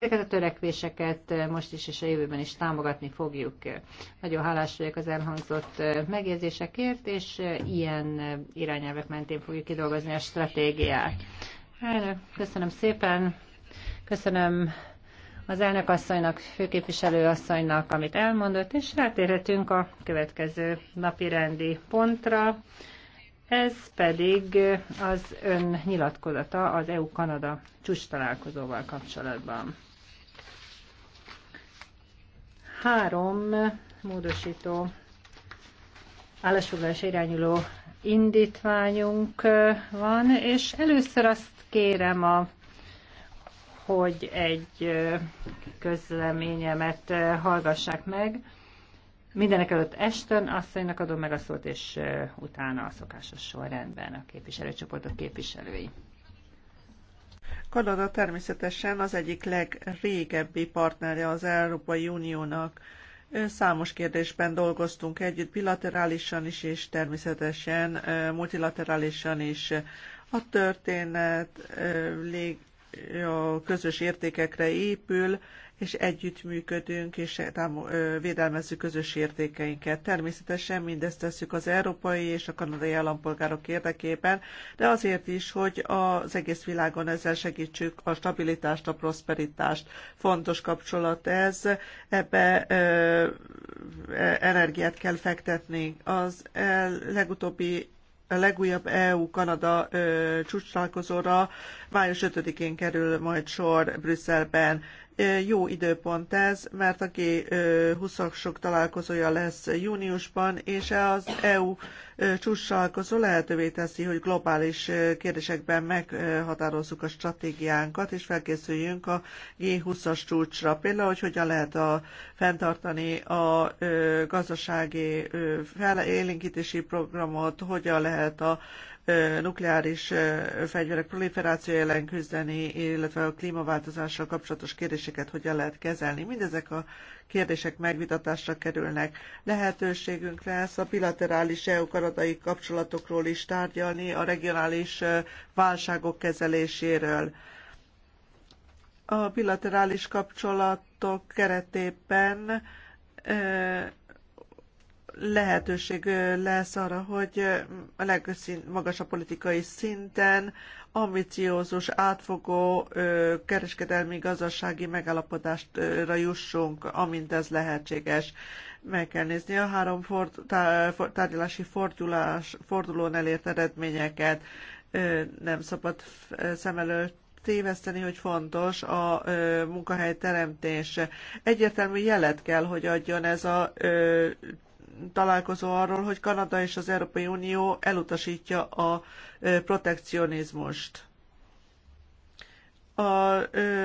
Ezeket a törekvéseket most is és a jövőben is támogatni fogjuk. Nagyon hálás vagyok az elhangzott megjegyzésekért, és ilyen irányelvek mentén fogjuk kidolgozni a stratégiát. Elnök, köszönöm szépen, köszönöm az elnök asszonynak, főképviselő asszonynak, amit elmondott, és rátérhetünk a következő napi rendi pontra. Ez pedig az ön nyilatkozata az EU-Kanada csúcs találkozóval kapcsolatban. Három módosító állásfoglalás irányuló indítványunk van, és először azt kérem a hogy egy közleményemet hallgassák meg. Mindenek előtt Esten asszonynak adom meg a szót, és utána a szokásos sorrendben a képviselőcsoportok képviselői. Kanada természetesen az egyik legrégebbi partnerje az Európai Uniónak. Számos kérdésben dolgoztunk együtt, bilaterálisan is, és természetesen multilaterálisan is. A történet a közös értékekre épül, és együttműködünk, és védelmezzük közös értékeinket. Természetesen mindezt tesszük az európai és a kanadai állampolgárok érdekében, de azért is, hogy az egész világon ezzel segítsük a stabilitást, a prosperitást. Fontos kapcsolat ez, ebbe e, energiát kell fektetni. Az legutóbbi a legújabb EU-Kanada csúcstalálkozóra május 5-én kerül majd sor Brüsszelben. Jó időpont ez, mert a G20-asok találkozója lesz júniusban, és az EU csúcsalkozó lehetővé teszi, hogy globális kérdésekben meghatározzuk a stratégiánkat, és felkészüljünk a G20-as csúcsra. Például, hogy hogyan lehet a, fenntartani a gazdasági felélinkítési programot, hogyan lehet a nukleáris fegyverek proliferáció ellen küzdeni, illetve a klímaváltozással kapcsolatos kérdéseket hogyan lehet kezelni. Mindezek a kérdések megvitatásra kerülnek. Lehetőségünk lesz a bilaterális eu karadai kapcsolatokról is tárgyalni, a regionális válságok kezeléséről. A bilaterális kapcsolatok keretében lehetőség lesz arra, hogy a legmagasabb politikai szinten ambiciózus, átfogó kereskedelmi gazdasági megállapodásra jussunk, amint ez lehetséges. Meg kell nézni a három ford, tárgyalási fordulás, fordulón elért eredményeket. Nem szabad szem előtt téveszteni, hogy fontos a ö, munkahely teremtése. Egyértelmű jelet kell, hogy adjon ez a ö, találkozó arról, hogy Kanada és az Európai Unió elutasítja a protekcionizmust. A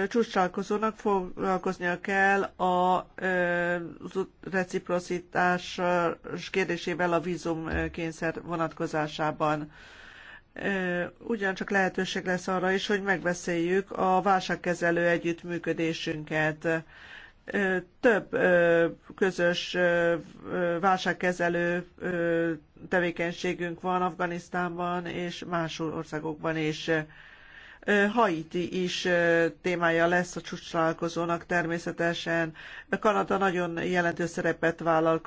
csúcsálkozónak foglalkoznia kell a reciprocitás kérdésével a vízumkényszer vonatkozásában ugyancsak lehetőség lesz arra is, hogy megbeszéljük a válságkezelő együttműködésünket több közös válságkezelő tevékenységünk van Afganisztánban és más országokban is. Haiti is témája lesz a csúcstalálkozónak természetesen. Kanada nagyon jelentős szerepet vállal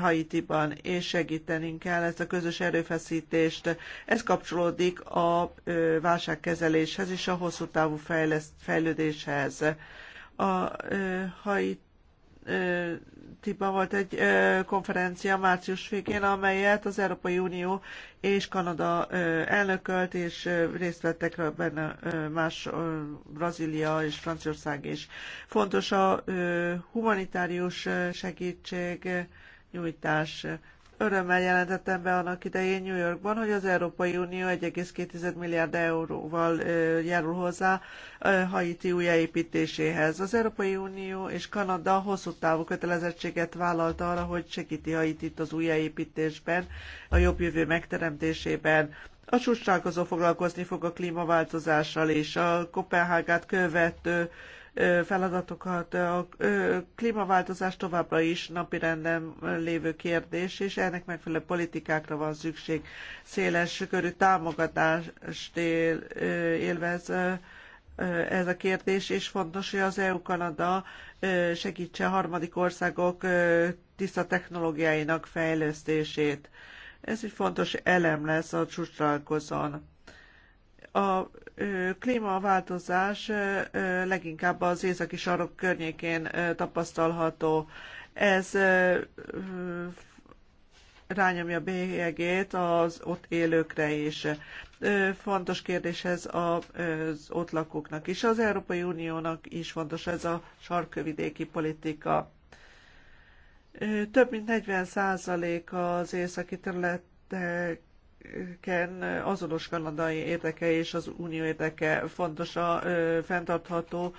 Haitiban, és segítenünk kell ezt a közös erőfeszítést. Ez kapcsolódik a válságkezeléshez és a hosszú távú fejlődéshez a Haitiba volt egy konferencia március végén, amelyet az Európai Unió és Kanada elnökölt, és részt vettek benne más Brazília és Franciaország is. Fontos a humanitárius segítség nyújtás Örömmel jelentettem be annak idején New Yorkban, hogy az Európai Unió 1,2 milliárd euróval járul hozzá Haiti újjáépítéséhez. Az Európai Unió és Kanada hosszú távú kötelezettséget vállalt arra, hogy segíti Haitit az újjáépítésben, a jobb jövő megteremtésében. A csúcsálkozó foglalkozni fog a klímaváltozással és a Kopenhágát követő feladatokat. A klímaváltozás továbbra is napirenden lévő kérdés, és ennek megfelelő politikákra van szükség. Széles körű támogatást él, élvez ez a kérdés, és fontos, hogy az EU-Kanada segítse a harmadik országok tiszta technológiáinak fejlesztését. Ez egy fontos elem lesz a csúcsralkozón. A klímaváltozás leginkább az északi sarok környékén tapasztalható. Ez rányomja bélyegét az ott élőkre is. Fontos kérdés ez az ott lakóknak is. Az Európai Uniónak is fontos ez a sarkövidéki politika. Több mint 40 százalék az északi területek ken azonos kanadai érdeke és az unió érdeke fontos a fenntartható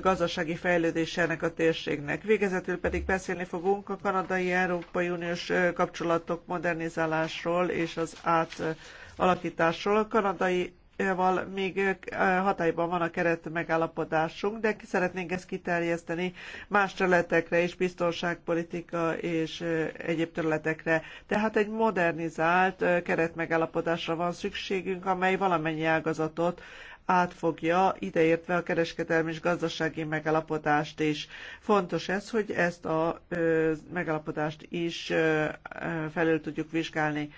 gazdasági fejlődésének a térségnek. Végezetül pedig beszélni fogunk a kanadai-európai uniós kapcsolatok modernizálásról és az átalakításról. A kanadai val még hatályban van a keret megállapodásunk, de szeretnénk ezt kiterjeszteni más területekre is, biztonságpolitika és egyéb területekre. Tehát egy modernizált keret megállapodásra van szükségünk, amely valamennyi ágazatot átfogja, ideértve a kereskedelmi és gazdasági megállapodást is. Fontos ez, hogy ezt a ö, megállapodást is ö, felül tudjuk vizsgálni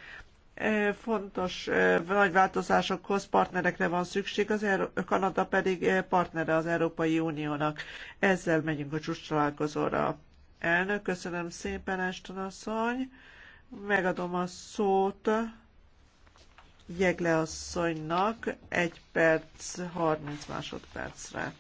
fontos nagy változásokhoz partnerekre van szükség, az Euró- Kanada pedig partnere az Európai Uniónak. Ezzel megyünk a csúcs találkozóra. Elnök, köszönöm szépen, Eston asszony. Megadom a szót Jegle asszonynak egy perc, 30 másodpercre.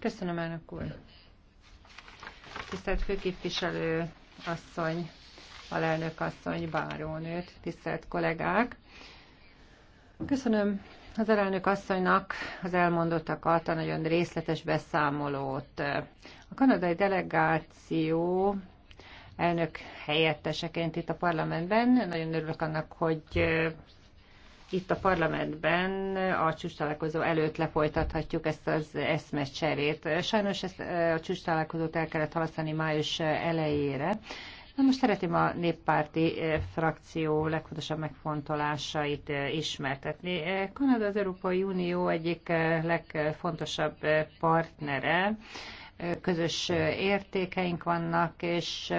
Köszönöm, elnök úr. Tisztelt főképviselő asszony, alelnök asszony, bárónőt, tisztelt kollégák. Köszönöm az alelnök asszonynak az elmondottakat, a nagyon részletes beszámolót. A kanadai delegáció elnök helyetteseként itt a parlamentben. Nagyon örülök annak, hogy itt a parlamentben a csúcs találkozó előtt lefolytathatjuk ezt az eszmecserét. Sajnos ezt a csúcs találkozót el kellett halasztani május elejére. Na most szeretném a néppárti frakció legfontosabb megfontolásait ismertetni. Kanada az Európai Unió egyik legfontosabb partnere közös értékeink vannak, és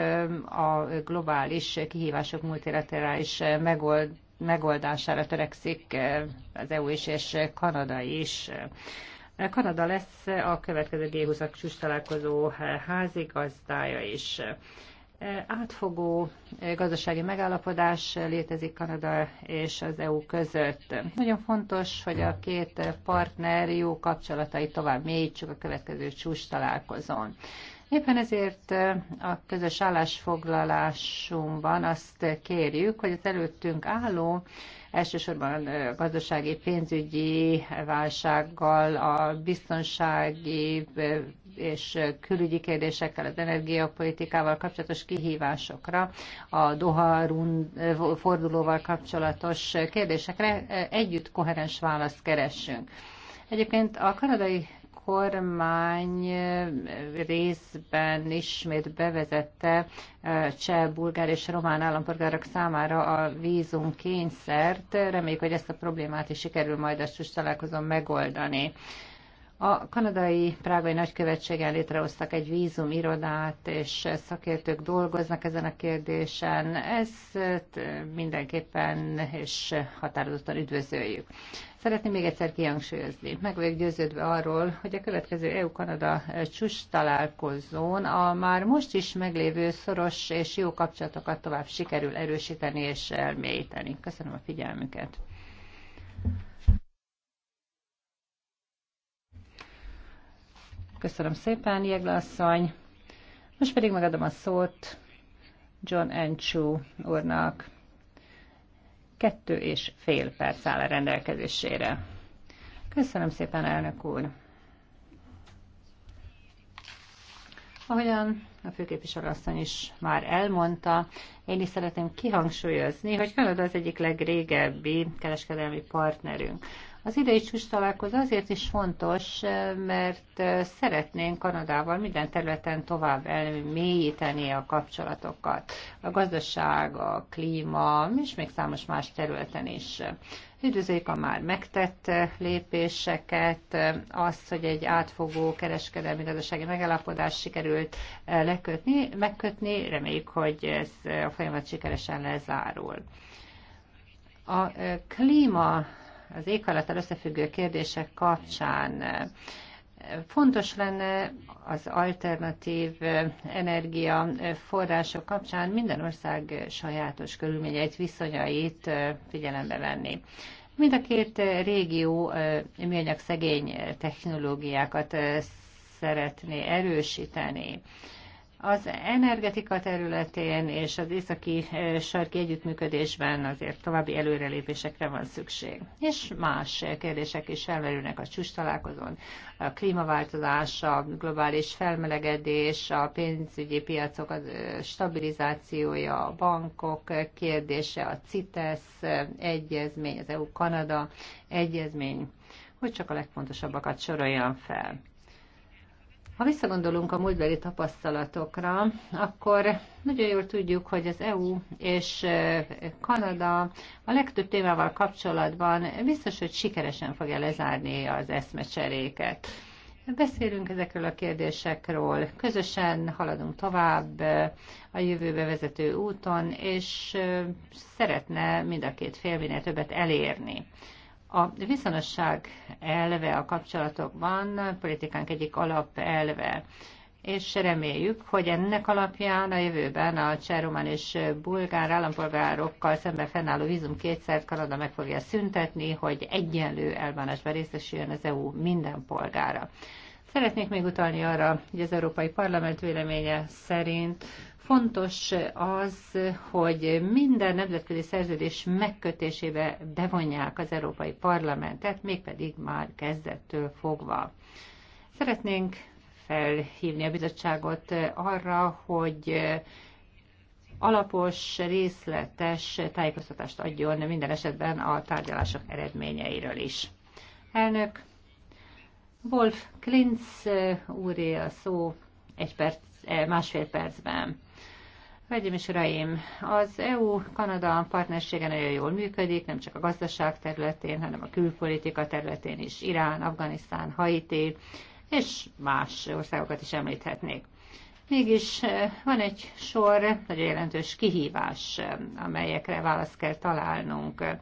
a globális kihívások multilaterális megold, megoldására törekszik eh, az EU is és Kanada is. Eh, Kanada lesz a következő G20-ak csúcs találkozó eh, házigazdája is. Átfogó gazdasági megállapodás létezik Kanada és az EU között. Nagyon fontos, hogy a két partner jó kapcsolatai tovább mélyítsük a következő csúcs találkozón. Éppen ezért a közös állásfoglalásunkban azt kérjük, hogy az előttünk álló elsősorban gazdasági, pénzügyi válsággal, a biztonsági és külügyi kérdésekkel, az energiapolitikával kapcsolatos kihívásokra, a Doha fordulóval kapcsolatos kérdésekre együtt koherens választ keressünk. Egyébként a kanadai kormány eh, részben ismét bevezette eh, cseh, bulgár és román állampolgárok számára a vízum kényszert. Reméljük, hogy ezt a problémát is sikerül majd a csúcs találkozón megoldani. A kanadai prágai nagykövetséggel létrehoztak egy vízum irodát, és szakértők dolgoznak ezen a kérdésen. Ezt mindenképpen és határozottan üdvözöljük. Szeretném még egyszer kihangsúlyozni. Meg vagyok győződve arról, hogy a következő EU-Kanada csúcs találkozón a már most is meglévő szoros és jó kapcsolatokat tovább sikerül erősíteni és elmélyíteni. Köszönöm a figyelmüket. Köszönöm szépen, Jegle asszony. Most pedig megadom a szót John Enchu úrnak. Kettő és fél perc áll a rendelkezésére. Köszönöm szépen, elnök úr. Ahogyan a főképviselő asszony is már elmondta, én is szeretném kihangsúlyozni, hogy Kanada az egyik legrégebbi kereskedelmi partnerünk. Az idei csúcs találkozó azért is fontos, mert szeretnénk Kanadával minden területen tovább elmélyíteni a kapcsolatokat. A gazdaság, a klíma, és még számos más területen is. Üdvözöljük a már megtett lépéseket, Az, hogy egy átfogó kereskedelmi gazdasági megállapodás sikerült lekötni, megkötni, reméljük, hogy ez a folyamat sikeresen lezárul. A klíma az éghajlattal összefüggő kérdések kapcsán fontos lenne az alternatív energiaforrások kapcsán minden ország sajátos körülményeit, viszonyait figyelembe venni. Mind a két régió műanyag szegény technológiákat szeretné erősíteni. Az energetika területén és az északi sarki együttműködésben azért további előrelépésekre van szükség. És más kérdések is felmerülnek a csúcs találkozón. A klímaváltozás, a globális felmelegedés, a pénzügyi piacok a stabilizációja, a bankok kérdése, a CITES egyezmény, az EU-Kanada egyezmény, hogy csak a legfontosabbakat soroljam fel. Ha visszagondolunk a múltbeli tapasztalatokra, akkor nagyon jól tudjuk, hogy az EU és Kanada a legtöbb témával kapcsolatban biztos, hogy sikeresen fogja lezárni az eszmecseréket. Beszélünk ezekről a kérdésekről, közösen haladunk tovább a jövőbe vezető úton, és szeretne mind a két fél minél többet elérni. A viszonosság elve a kapcsolatokban politikánk egyik alapelve és reméljük, hogy ennek alapján a jövőben a cseh, és bulgár állampolgárokkal szemben fennálló vízum kétszer Kanada meg fogja szüntetni, hogy egyenlő elbánásban részesüljön az EU minden polgára. Szeretnék még utalni arra, hogy az Európai Parlament véleménye szerint Fontos az, hogy minden nemzetközi szerződés megkötésébe bevonják az Európai Parlamentet, mégpedig már kezdettől fogva. Szeretnénk felhívni a bizottságot arra, hogy alapos, részletes tájékoztatást adjon minden esetben a tárgyalások eredményeiről is. Elnök, Wolf Klinz úré a szó egy perc, eh, másfél percben. Hölgyeim és Uraim, az EU-Kanada partnersége nagyon jól működik, nem csak a gazdaság területén, hanem a külpolitika területén is, Irán, Afganisztán, Haiti, és más országokat is említhetnék. Mégis eh, van egy sor nagyon jelentős kihívás, eh, amelyekre választ kell találnunk, eh,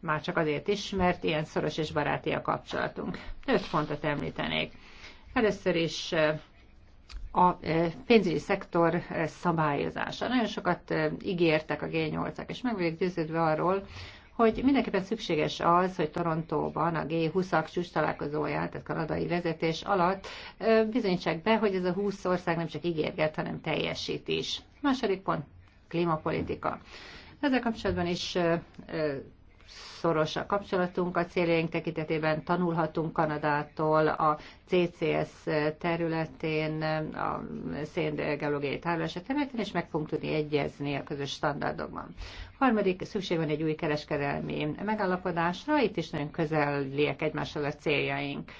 már csak azért is, mert ilyen szoros és baráti a kapcsolatunk. Öt pontot említenék. Először is a e, pénzügyi szektor e, szabályozása. Nagyon sokat e, ígértek a G8-ak, és meg vagyok győződve arról, hogy mindenképpen szükséges az, hogy Torontóban a G20-ak csúcs találkozóját, tehát kanadai vezetés alatt bizonyítsák be, hogy ez a 20 ország nem csak ígérget, hanem teljesít is. Második pont, klímapolitika. Ezzel kapcsolatban is szoros a kapcsolatunk a céljaink tekintetében, tanulhatunk Kanadától a CCS területén, a széngeológiai tárolása területén, és meg fogunk tudni egyezni a közös standardokban. Harmadik, szükség van egy új kereskedelmi megállapodásra, itt is nagyon közeliek egymással a céljaink.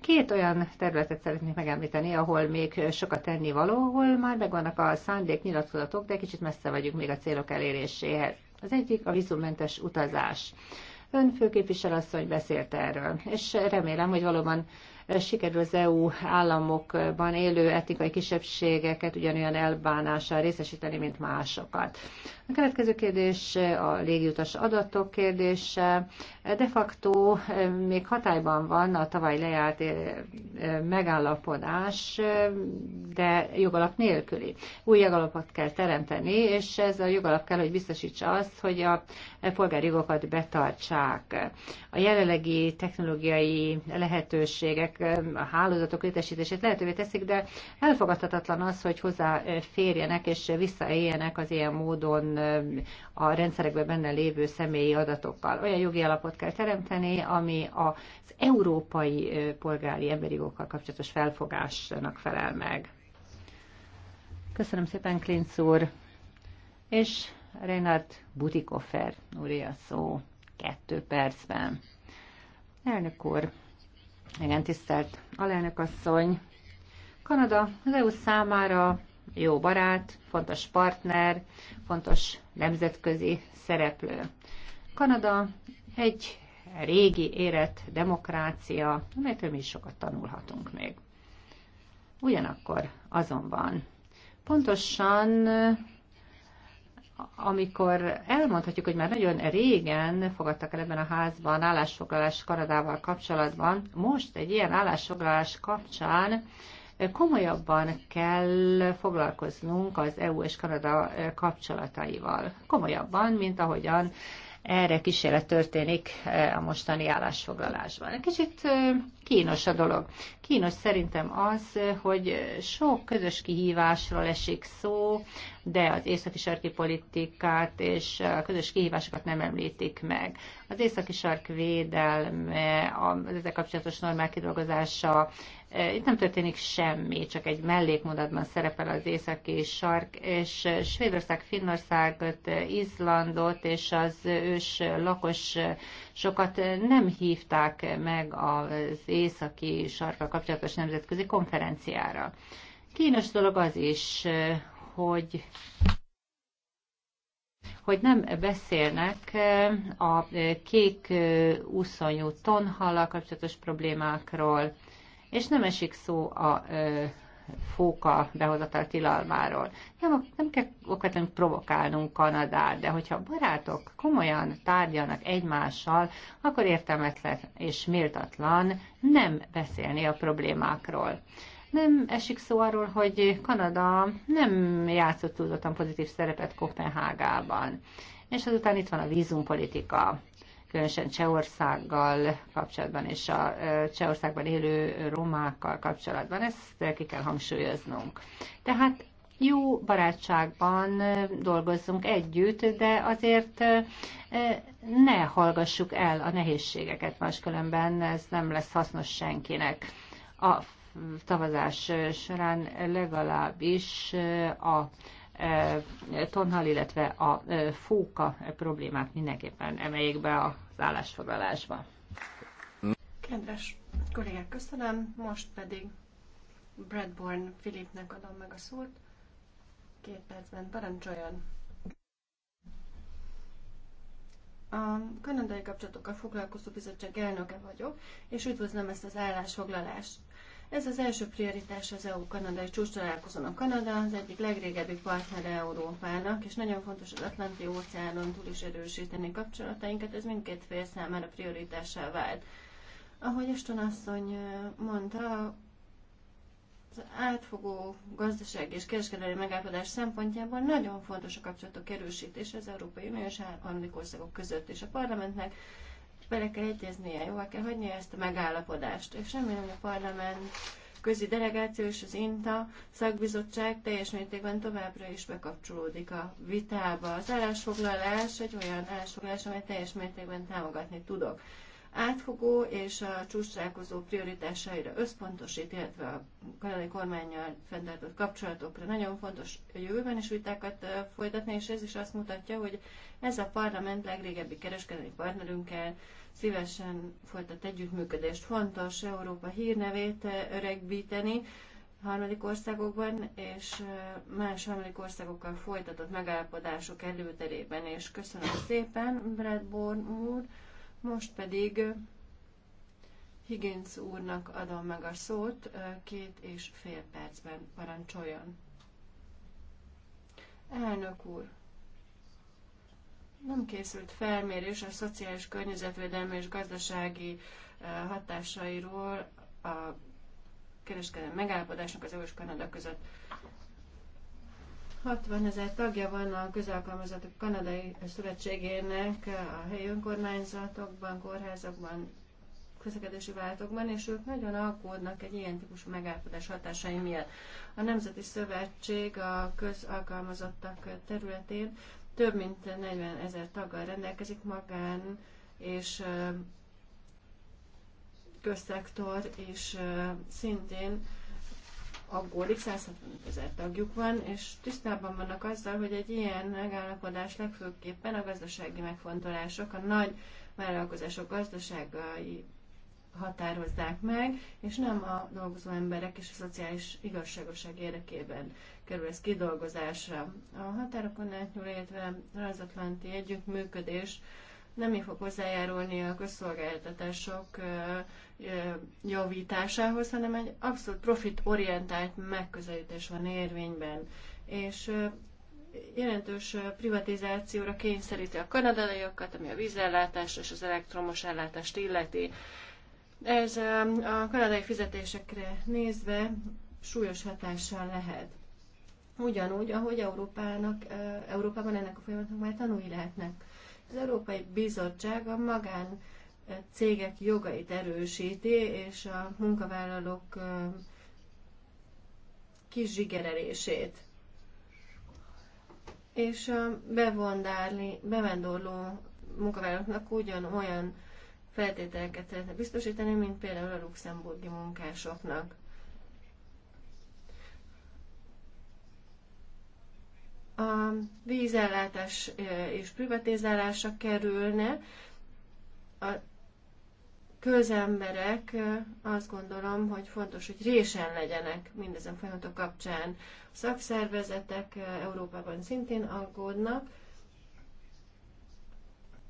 Két olyan területet szeretnék megemlíteni, ahol még sokat tenni való, ahol már megvannak a szándék, nyilatkozatok, de kicsit messze vagyunk még a célok eléréséhez. Az egyik a vízummentes utazás. Ön asszony beszélt erről, és remélem, hogy valóban sikerül az EU államokban élő etnikai kisebbségeket ugyanolyan elbánással részesíteni, mint másokat. A következő kérdés a légiutas adatok kérdése. De facto eh, még hatályban van a tavaly lejárt eh, megállapodás, eh, de jogalap nélküli. Új jogalapot kell teremteni, és ez a jogalap kell, hogy biztosítsa azt, hogy a polgári jogokat betartsák. A jelenlegi technológiai lehetőségek a hálózatok létesítését lehetővé teszik, de elfogadhatatlan az, hogy hozzáférjenek és visszaéljenek az ilyen módon a rendszerekben benne lévő személyi adatokkal. Olyan jogi alapot kell teremteni, ami az európai polgári emberi jogokkal kapcsolatos felfogásnak felel meg. Köszönöm szépen, Klinc úr. És Reinhard Butikofer úr a szó kettő percben. Elnök úr, igen, tisztelt alelnök asszony. Kanada az EU számára jó barát, fontos partner, fontos nemzetközi szereplő. Kanada egy régi érett demokrácia, amelytől mi is sokat tanulhatunk még. Ugyanakkor azonban pontosan amikor elmondhatjuk, hogy már nagyon régen fogadtak el ebben a házban állásfoglalás Kanadával kapcsolatban, most egy ilyen állásfoglalás kapcsán komolyabban kell foglalkoznunk az EU és Kanada kapcsolataival. Komolyabban, mint ahogyan erre kísérlet történik eh, a mostani állásfoglalásban. Kicsit eh, kínos a dolog. Kínos szerintem az, eh, hogy sok közös kihívásról esik szó, de az északi sarki politikát és a közös kihívásokat nem említik meg. Az északi sark védelme, az ezzel kapcsolatos normák kidolgozása, itt nem történik semmi, csak egy mellékmondatban szerepel az északi sark, és Svédország, Finnországot, Izlandot és az ős lakos sokat nem hívták meg az északi sarkkal kapcsolatos nemzetközi konferenciára. Kínos dolog az is, hogy hogy nem beszélnek a kék úszonyú tonhallal kapcsolatos problémákról, és nem esik szó a fóka behozatal tilalmáról. Nem, nem kell okvetlenül provokálnunk Kanadát, de hogyha barátok komolyan tárgyalnak egymással, akkor értelmetlen és méltatlan nem beszélni a problémákról. Nem esik szó arról, hogy Kanada nem játszott túlzottan pozitív szerepet Kopenhágában. És azután itt van a vízumpolitika különösen Csehországgal kapcsolatban és a Csehországban élő romákkal kapcsolatban. Ezt ki kell hangsúlyoznunk. Tehát jó barátságban dolgozzunk együtt, de azért ne hallgassuk el a nehézségeket, máskülönben ez nem lesz hasznos senkinek. A tavazás során legalábbis a tonhal, illetve a fóka problémát mindenképpen emeljék be a állásfoglalásba. Kedves kollégák, köszönöm. Most pedig Bradborn Filipnek adom meg a szót. Két percben parancsoljon. A kanadai kapcsolatokkal foglalkozó bizottság elnöke vagyok, és üdvözlöm ezt az állásfoglalást. Ez az első prioritás az EU-kanadai csúcs találkozón. A Kanada az egyik legrégebbi partnere Európának, és nagyon fontos az Atlanti óceánon túl is erősíteni kapcsolatainkat, ez mindkét fél számára prioritássá vált. Ahogy Eston asszony mondta, az átfogó gazdaság és kereskedelmi megállapodás szempontjából nagyon fontos a kapcsolatok erősítése az Európai Unió és a harmadik országok között, és a parlamentnek bele kell egyeznie, jóvá kell hagynia ezt a megállapodást. És remélem a parlament közi delegáció és az INTA szakbizottság teljes mértékben továbbra is bekapcsolódik a vitába. Az állásfoglalás egy olyan állásfoglalás, amely teljes mértékben támogatni tudok átfogó és a csúcsálkozó prioritásaira összpontosít, illetve a kanadai kormányjal fenntartott kapcsolatokra nagyon fontos a jövőben is vitákat folytatni, és ez is azt mutatja, hogy ez a parlament legrégebbi kereskedelmi partnerünkkel szívesen folytat együttműködést. Fontos Európa hírnevét öregbíteni, harmadik országokban és más harmadik országokkal folytatott megállapodások előterében, és köszönöm szépen, Brad Bourne úr, most pedig Higgins úrnak adom meg a szót, két és fél percben parancsoljon. Elnök úr, nem készült felmérés a szociális környezetvédelmi és gazdasági hatásairól a kereskedelmi megállapodásnak az EU és Kanada között. 60 ezer tagja van a közalkalmazottak kanadai szövetségének a helyi önkormányzatokban, kórházakban, közlekedési váltokban, és ők nagyon aggódnak egy ilyen típusú megállapodás hatásai miatt. A Nemzeti Szövetség a közalkalmazottak területén több mint 40 ezer taggal rendelkezik magán, és közszektor, és szintén aggódik, 165 ezer tagjuk van, és tisztában vannak azzal, hogy egy ilyen megállapodás legfőképpen a gazdasági megfontolások, a nagy vállalkozások gazdaságai határozzák meg, és nem a dolgozó emberek és a szociális igazságoság érdekében kerül ez kidolgozásra. A határokon átnyúl, illetve transatlanti együttműködés nem fog hozzájárulni a közszolgáltatások javításához, hanem egy abszolút profitorientált megközelítés van érvényben. És jelentős privatizációra kényszeríti a kanadaiakat, ami a vízellátást és az elektromos ellátást illeti. Ez a kanadai fizetésekre nézve súlyos hatással lehet. Ugyanúgy, ahogy Európának, Európában ennek a folyamatnak már tanulni lehetnek. Az Európai Bizottság a magán eh, cégek jogait erősíti, és a munkavállalók eh, kizsigerelését. És a bevondárli, bevendorló munkavállalóknak ugyanolyan feltételeket szeretne biztosítani, mint például a luxemburgi munkásoknak. a vízellátás e, és privatizálása kerülne, a közemberek e, azt gondolom, hogy fontos, hogy résen legyenek mindezen folyamatok kapcsán. A szakszervezetek e, Európában szintén aggódnak.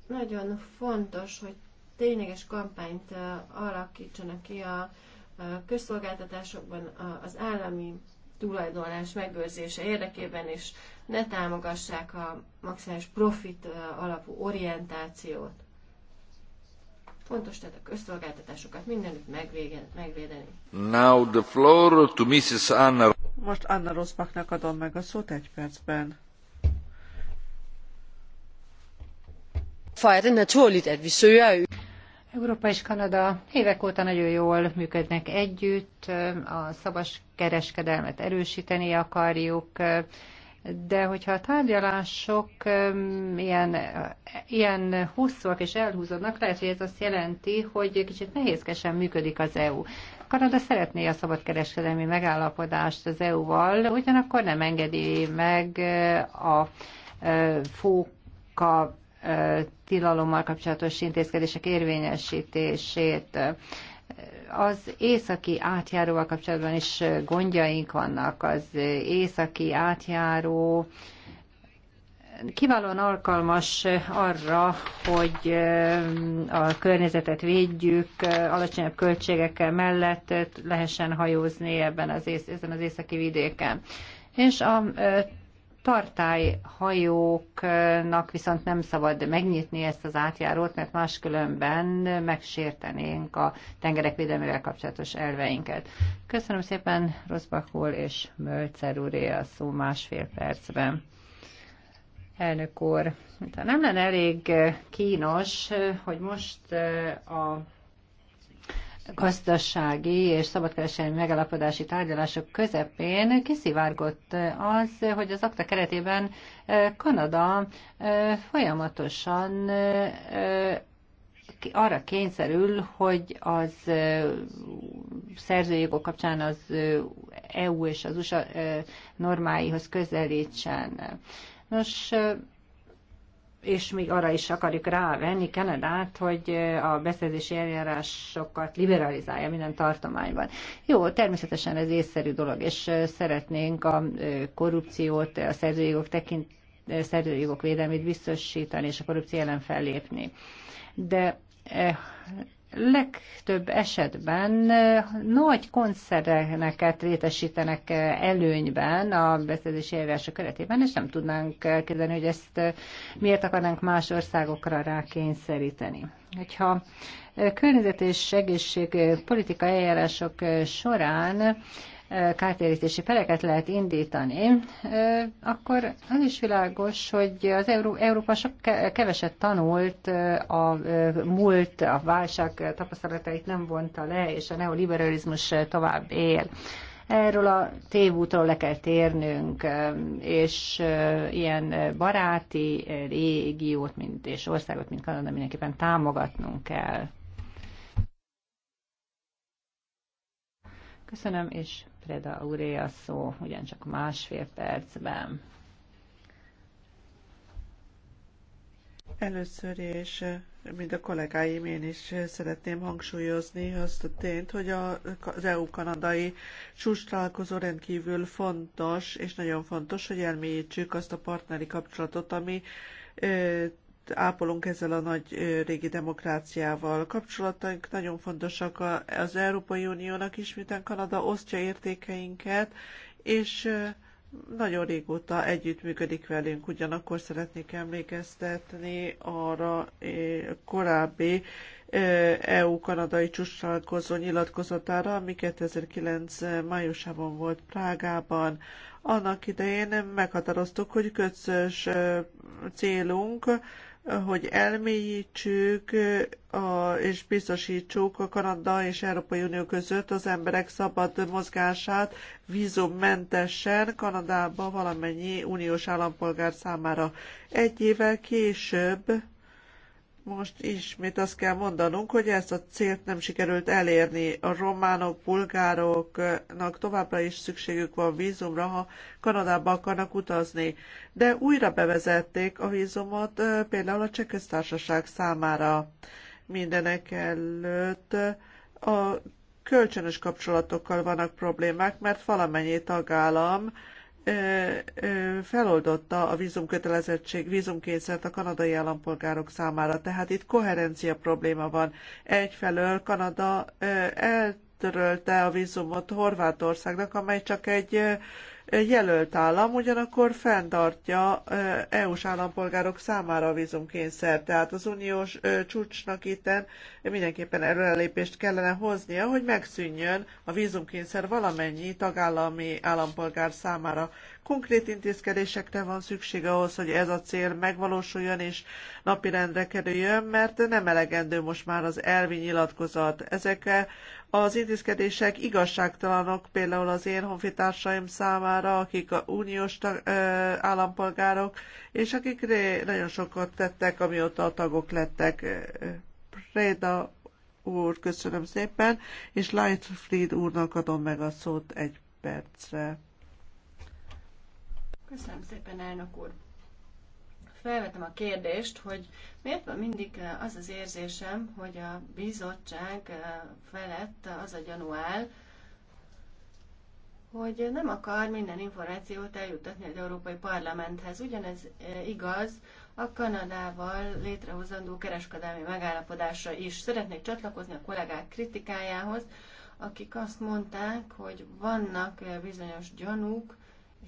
Nagyon fontos, hogy tényleges kampányt alakítsanak ki a közszolgáltatásokban az állami tulajdonlás megőrzése érdekében, és ne támogassák a maximális profit alapú orientációt. Fontos tehát a közszolgáltatásokat mindenütt megvédeni. Now the floor to Mrs. Anna. Most Anna Rosbachnak adom meg a szót egy percben. For er det naturligt, Európa és Kanada évek óta nagyon jól működnek együtt, a szabas kereskedelmet erősíteni akarjuk, de hogyha a tárgyalások ilyen, ilyen hosszúak és elhúzódnak, lehet, hogy ez azt jelenti, hogy kicsit nehézkesen működik az EU. Kanada szeretné a szabadkereskedelmi megállapodást az EU-val, ugyanakkor nem engedi meg e, a e, fóka e, tilalommal kapcsolatos intézkedések érvényesítését az északi átjáróval kapcsolatban is gondjaink vannak. Az északi átjáró kiválóan alkalmas arra, hogy a környezetet védjük, alacsonyabb költségekkel mellett lehessen hajózni ebben az ész, ezen az északi vidéken. És a tartályhajóknak viszont nem szabad megnyitni ezt az átjárót, mert máskülönben megsértenénk a tengerek védelmével kapcsolatos elveinket. Köszönöm szépen Rosbach és Mölcer úré a szó másfél percben. Elnök úr, nem lenne elég kínos, hogy most eh, a gazdasági és szabadkereselmi megalapodási tárgyalások közepén kiszivárgott az, hogy az akta keretében Kanada folyamatosan arra kényszerül, hogy az szerzőjogok kapcsán az EU és az USA normáihoz közelítsen. Nos, és még arra is akarjuk rávenni Kanadát, hogy a beszerzési eljárásokat liberalizálja minden tartományban. Jó, természetesen ez észszerű dolog, és szeretnénk a korrupciót, a szerzőjogok tekint, szerzőjogok védelmét biztosítani, és a korrupció ellen fellépni. De eh, legtöbb esetben eh, nagy koncerneket létesítenek eh, előnyben a beszerzési eljárások keretében, és nem tudnánk elképzelni, hogy ezt eh, miért akarnánk más országokra rákényszeríteni. Hogyha környezet és politikai eljárások során kártérítési pereket lehet indítani, akkor az is világos, hogy az Európa sok keveset tanult, a múlt, a válság tapasztalatait nem vonta le, és a neoliberalizmus tovább él erről a tévútról le kell térnünk, és ilyen baráti régiót mint, és országot, mint Kanada mindenképpen támogatnunk kell. Köszönöm, és Preda úré szó ugyancsak másfél percben. Először és mint a kollégáim, én is szeretném hangsúlyozni azt a tényt, hogy az EU-kanadai találkozó rendkívül fontos, és nagyon fontos, hogy elmélyítsük azt a partneri kapcsolatot, ami ápolunk ezzel a nagy régi demokráciával. Kapcsolataink nagyon fontosak az Európai Uniónak is, miután Kanada osztja értékeinket, és nagyon régóta együttműködik velünk, ugyanakkor szeretnék emlékeztetni arra korábbi EU-kanadai csúcsalkozó nyilatkozatára, ami 2009 májusában volt Prágában. Annak idején meghatároztuk, hogy közös célunk hogy elmélyítsük a, és biztosítsuk a Kanada és Európai Unió között az emberek szabad mozgását vízummentesen Kanadába valamennyi uniós állampolgár számára. Egy évvel később most ismét azt kell mondanunk, hogy ezt a célt nem sikerült elérni. A románok, bulgároknak továbbra is szükségük van vízumra, ha Kanadába akarnak utazni. De újra bevezették a vízumot például a Csehköztársaság számára. Mindenek előtt a kölcsönös kapcsolatokkal vannak problémák, mert valamennyi tagállam feloldotta a vízumkötelezettség, vízumkényszert a kanadai állampolgárok számára. Tehát itt koherencia probléma van. Egyfelől Kanada eltörölte a vízumot Horvátországnak, amely csak egy jelölt állam, ugyanakkor fenntartja EU-s állampolgárok számára a vízumkényszer. Tehát az uniós csúcsnak itten mindenképpen előrelépést kellene hoznia, hogy megszűnjön a vízumkényszer valamennyi tagállami állampolgár számára. Konkrét intézkedésekre van szükség ahhoz, hogy ez a cél megvalósuljon és napirendre kerüljön, mert nem elegendő most már az elvi nyilatkozat. Ezek az intézkedések igazságtalanok például az én honfitársaim számára, akik a uniós állampolgárok, és akik nagyon sokat tettek, amióta a tagok lettek. Préda úr, köszönöm szépen, és Lightfried úrnak adom meg a szót egy percre. Köszönöm szépen, elnök úr felvetem a kérdést, hogy miért van mindig eh, az az érzésem, hogy a bizottság eh, felett az a gyanú áll, hogy nem akar minden információt eljutatni az Európai Parlamenthez. Ugyanez eh, igaz a Kanadával létrehozandó kereskedelmi megállapodásra is. Szeretnék csatlakozni a kollégák kritikájához, akik azt mondták, hogy vannak bizonyos gyanúk,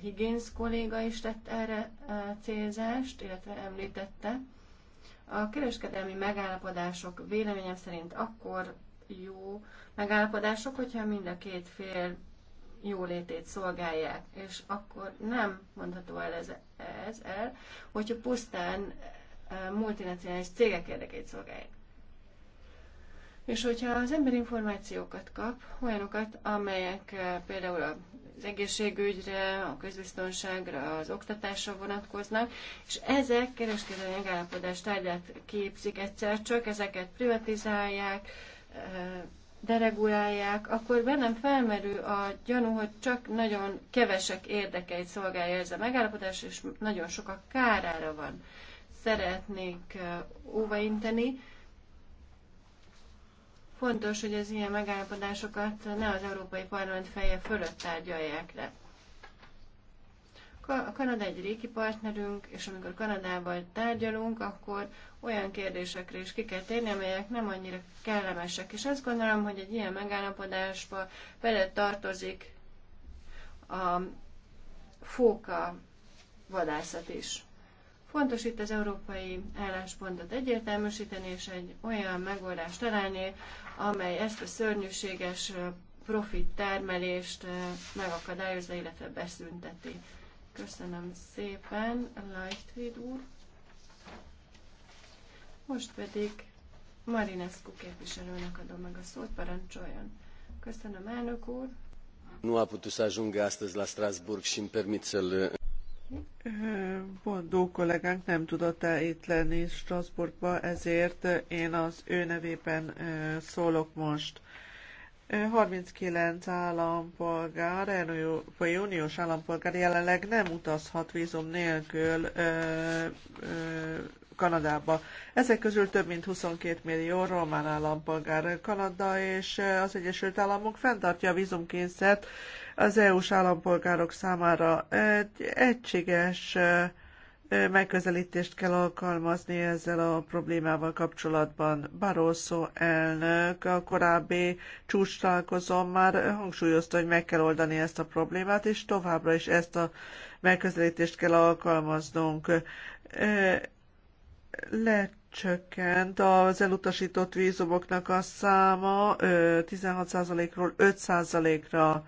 Higgins kolléga is tett erre e, célzást, illetve említette. A kereskedelmi megállapodások véleményem szerint akkor jó megállapodások, hogyha mind a két fél jólétét szolgálják, és akkor nem mondható el ez, ez el, hogyha pusztán e, multinacionális cégek érdekét szolgálják. És hogyha az ember információkat kap, olyanokat, amelyek eh, például az egészségügyre, a közbiztonságra, az oktatásra vonatkoznak, és ezek kereskedelmi megállapodás tárgyát képzik egyszer csak, ezeket privatizálják, eh, deregulálják, akkor bennem felmerül a gyanú, hogy csak nagyon kevesek érdekeit szolgálja ez a megállapodás, és nagyon sokak kárára van. Szeretnék eh, óvainteni, Fontos, hogy az ilyen megállapodásokat ne az Európai Parlament feje fölött tárgyalják le. A Kanada egy régi partnerünk, és amikor Kanadával tárgyalunk, akkor olyan kérdésekre is ki kell térni, amelyek nem annyira kellemesek. És azt gondolom, hogy egy ilyen megállapodásba bele tartozik a fóka vadászat is. Fontos itt az európai álláspontot egyértelműsíteni, és egy olyan megoldást találni, amely ezt a szörnyűséges profit termelést megakadályozza, illetve beszünteti. Köszönöm szépen, Lightfried úr. Most pedig Marinescu képviselőnek adom meg a szót, parancsoljon. Köszönöm, elnök úr. Nu a putut să ajungă astăzi la Strasburg și îmi permit să-l Bondó kollégánk nem tudott el itt lenni Strasbourgba, ezért én az ő nevében szólok most. 39 állampolgár, vagy Uniós állampolgár jelenleg nem utazhat vízum nélkül Kanadába. Ezek közül több mint 22 millió román állampolgár. Kanada és az Egyesült Államok fenntartja a vízumkényszert, az EU-s állampolgárok számára. Egy egységes megközelítést kell alkalmazni ezzel a problémával kapcsolatban. Barroso elnök a korábbi csúcs találkozón már hangsúlyozta, hogy meg kell oldani ezt a problémát, és továbbra is ezt a megközelítést kell alkalmaznunk. Lecsökkent az elutasított vízumoknak a száma 16%-ról 5%-ra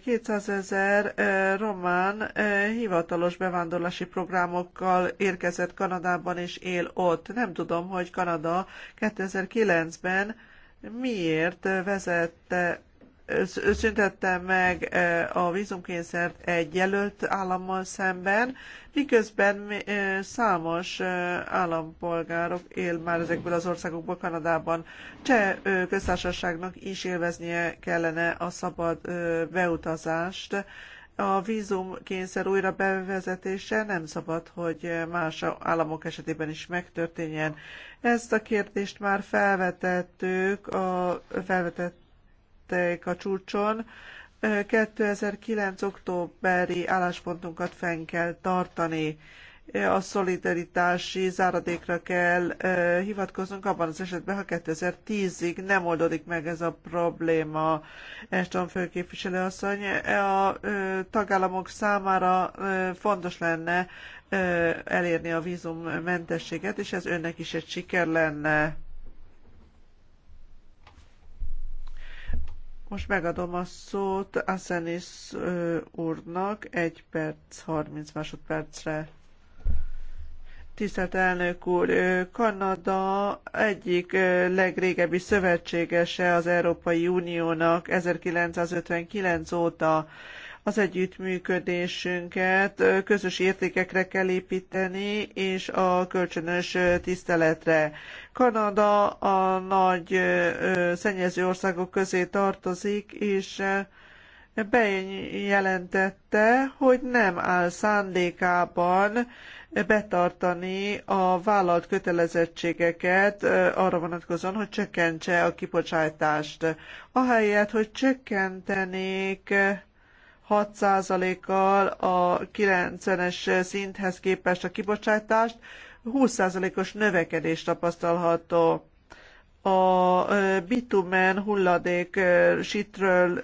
200 ezer román hivatalos bevándorlási programokkal érkezett Kanadában és él ott. Nem tudom, hogy Kanada 2009-ben miért vezette szüntette meg e, a vízumkényszert egy jelölt állammal szemben, miközben e, számos e, állampolgárok él már ezekből az országokból Kanadában. Cseh köztársaságnak is élveznie kellene a szabad beutazást. A vízumkényszer újra bevezetése nem szabad, hogy más államok esetében is megtörténjen. Ezt a kérdést már felvetettük, a, felvetett tették a csúcson. 2009. októberi álláspontunkat fenn kell tartani. A szolidaritási záradékra kell hivatkoznunk abban az esetben, ha 2010-ig nem oldódik meg ez a probléma. Eston főképviselő asszony, e, a tagállamok számára fontos lenne elérni a vízummentességet, és ez önnek is egy siker lenne. Most megadom a szót Asenis úrnak egy perc, 30 másodpercre. Tisztelt elnök úr, Kanada egyik legrégebbi szövetségese az Európai Uniónak 1959 óta az együttműködésünket közös értékekre kell építeni, és a kölcsönös tiszteletre. Kanada a nagy szennyező országok közé tartozik, és bejelentette, hogy nem áll szándékában betartani a vállalt kötelezettségeket arra vonatkozóan, hogy csökkentse a kibocsátást. Ahelyett, hogy csökkentenék 6%-kal a 90-es szinthez képest a kibocsátást, 20%-os növekedést tapasztalható a bitumen hulladék sitről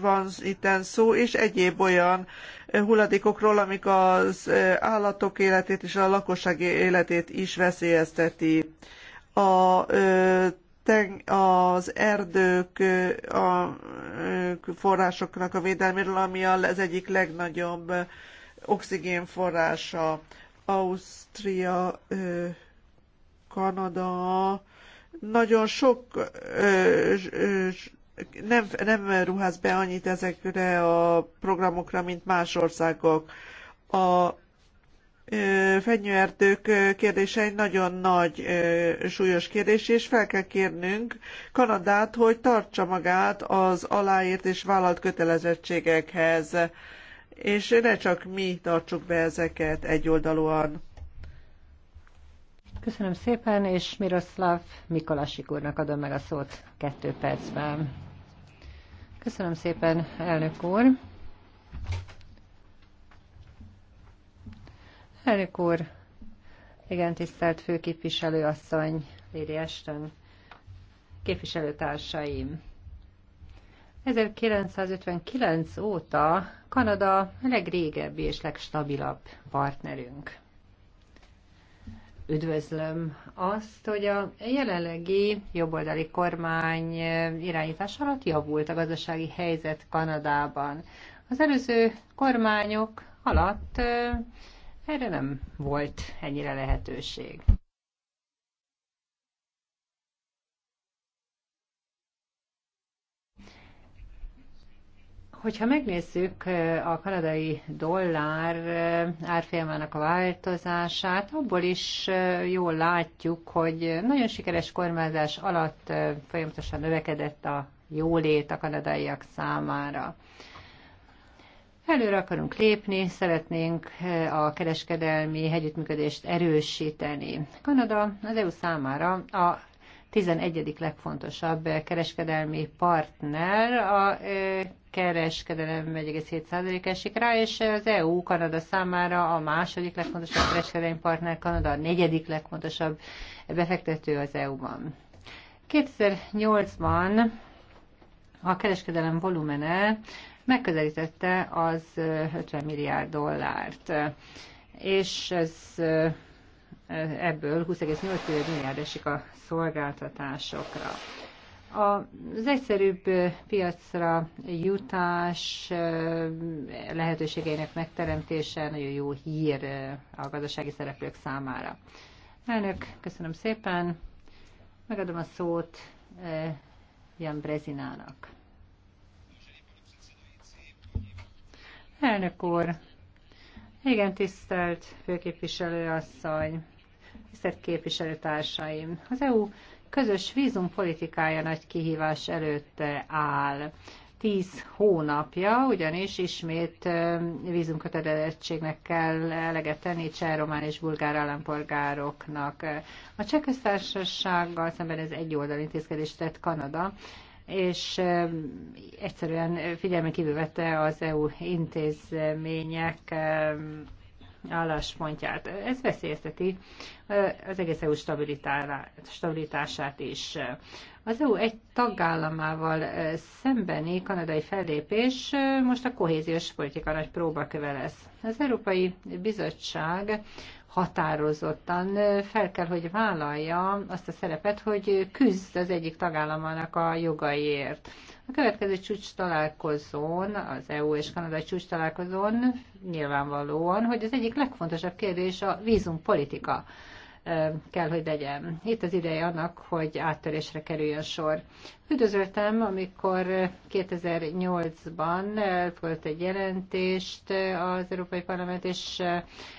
van itten szó, és egyéb olyan hulladékokról, amik az állatok életét és a lakosság életét is veszélyezteti. A az erdők a forrásoknak a védelméről, ami az egyik legnagyobb oxigénforrása. Ausztria, Kanada, nagyon sok nem, nem ruház be annyit ezekre a programokra, mint más országok. A fenyőerdők kérdése egy nagyon nagy súlyos kérdés, és fel kell kérnünk Kanadát, hogy tartsa magát az aláírt és vállalt kötelezettségekhez, és ne csak mi tartsuk be ezeket egyoldalúan. Köszönöm szépen, és Miroslav Mikolasik úrnak adom meg a szót kettő percben. Köszönöm szépen, elnök úr! Elnök úr, igen, tisztelt főképviselő asszony, Léri Esten, képviselőtársaim. 1959 óta Kanada legrégebbi és legstabilabb partnerünk. Üdvözlöm azt, hogy a jelenlegi jobboldali kormány irányítás alatt javult a gazdasági helyzet Kanadában. Az előző kormányok alatt erre nem volt ennyire lehetőség. Hogyha megnézzük a kanadai dollár árfolyamának a változását, abból is jól látjuk, hogy nagyon sikeres kormányzás alatt folyamatosan növekedett a jólét a kanadaiak számára. Előre akarunk lépni, szeretnénk eh, a kereskedelmi együttműködést erősíteni. Kanada az EU számára a 11. legfontosabb kereskedelmi partner, a eh, kereskedelem 1,7%-a esik rá, és az EU Kanada számára a második legfontosabb kereskedelmi partner, Kanada a negyedik legfontosabb befektető az EU-ban. 2008-ban a kereskedelem volumene megközelítette az 50 milliárd dollárt, és ez ebből 20,8 milliárd esik a szolgáltatásokra. Az egyszerűbb piacra jutás lehetőségeinek megteremtése nagyon jó hír a gazdasági szereplők számára. Elnök, köszönöm szépen. Megadom a szót Jan Brezinának. Elnök úr, igen, tisztelt főképviselő asszony, tisztelt képviselőtársaim. Az EU közös vízumpolitikája nagy kihívás előtt áll. Tíz hónapja, ugyanis ismét vízumkötelezettségnek kell eleget tenni cseh, román és bulgár állampolgároknak. A cseh köztársasággal szemben ez oldal intézkedést tett Kanada, és egyszerűen figyelmen kívül vette az EU intézmények álláspontját. Ez veszélyezteti az egész EU stabilitását is. Az EU egy tagállamával szembeni kanadai fellépés most a kohéziós politika nagy próbaköve lesz. Az Európai Bizottság határozottan fel kell, hogy vállalja azt a szerepet, hogy küzd az egyik tagállamának a jogaiért. A következő csúcs találkozón, az EU és Kanada csúcs találkozón nyilvánvalóan, hogy az egyik legfontosabb kérdés a vízumpolitika. politika kell, hogy legyen. Itt az ideje annak, hogy áttörésre kerüljön sor. Üdvözöltem, amikor 2008-ban volt egy jelentést az Európai Parlament, és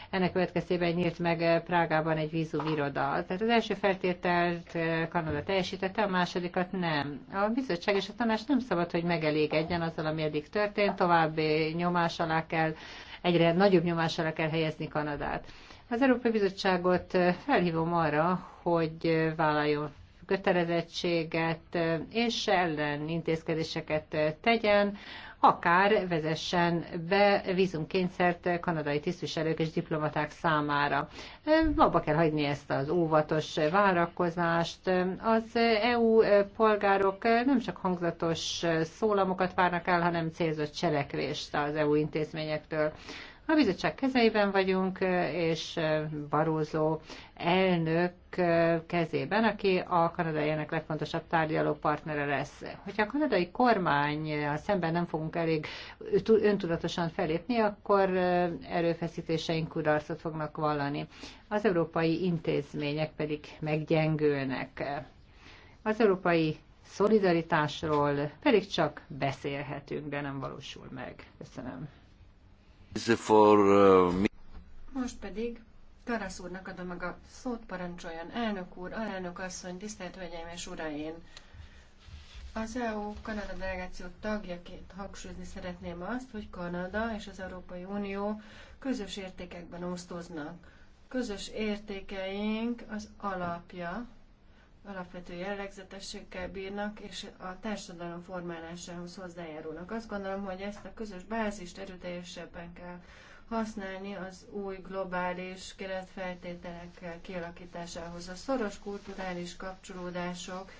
ennek következtében nyílt meg Prágában egy vízumiroda. Tehát az első feltételt Kanada teljesítette, a másodikat nem. A bizottság és a tanács nem szabad, hogy megelégedjen azzal, ami eddig történt, további nyomás alá kell egyre nagyobb nyomásra kell helyezni Kanadát. Az Európai Bizottságot felhívom arra, hogy vállaljon kötelezettséget és ellen intézkedéseket tegyen akár vezessen be vízumkényszert kanadai tisztviselők és diplomaták számára. Abba kell hagyni ezt az óvatos várakozást. Az EU polgárok nem csak hangzatos szólamokat várnak el, hanem célzott cselekvést az EU intézményektől. A bizottság kezeiben vagyunk, és Barózó elnök kezében, aki a kanadai ennek legfontosabb tárgyaló partnere lesz. Hogyha a kanadai kormány szemben nem fogunk elég öntudatosan felépni, akkor erőfeszítéseink kudarcot fognak vallani. Az európai intézmények pedig meggyengülnek. Az európai szolidaritásról pedig csak beszélhetünk, de nem valósul meg. Köszönöm. Uh, Most pedig Karasz úrnak adom meg a szót, parancsoljon. Elnök úr, alelnök asszony, tisztelt hölgyeim és uraim! Az EU-Kanada delegáció tagjaként hangsúlyozni szeretném azt, hogy Kanada és az Európai Unió közös értékekben osztoznak. Közös értékeink az alapja alapvető jellegzetességgel bírnak, és a társadalom formálásához hozzájárulnak. Azt gondolom, hogy ezt a közös bázist erőteljesebben kell használni az új globális keretfeltételek kialakításához. A szoros kulturális kapcsolódások,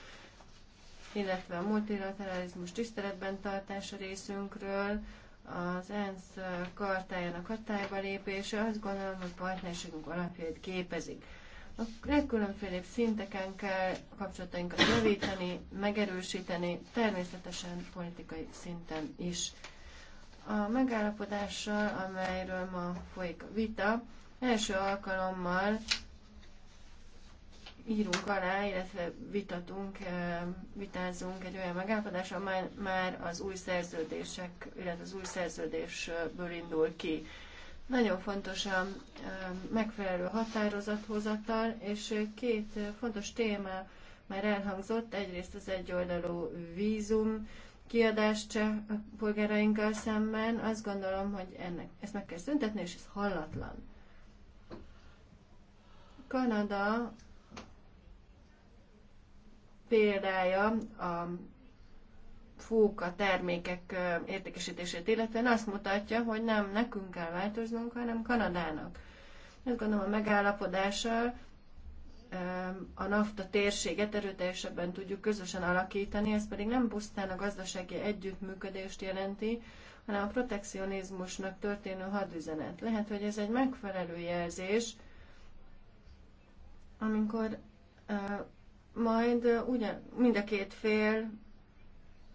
illetve a multilateralizmus tiszteletben tartása részünkről, az ENSZ kartájának hatályba lépése, azt gondolom, hogy partnerségünk alapjait képezik. A legkülönfélebb szinteken kell kapcsolatainkat javítani, megerősíteni, természetesen politikai szinten is. A megállapodással, amelyről ma folyik a vita, első alkalommal írunk alá, illetve vitatunk, eh, vitázunk egy olyan megállapodás, amely már az új szerződések, illetve az új szerződésből indul ki. Nagyon fontos a megfelelő határozathozatal, és két fontos téma már elhangzott, egyrészt az egyoldalú vízum kiadás a polgárainkkal szemben. Azt gondolom, hogy ennek, ezt meg kell szüntetni, és ez hallatlan. Kanada példája a a termékek értékesítését illetően azt mutatja, hogy nem nekünk kell változnunk, hanem Kanadának. Azt gondolom a megállapodással a NAFTA térséget erőteljesebben tudjuk közösen alakítani, ez pedig nem pusztán a gazdasági együttműködést jelenti, hanem a protekcionizmusnak történő hadüzenet. Lehet, hogy ez egy megfelelő jelzés, amikor uh, majd uh, ugyan, mind a két fél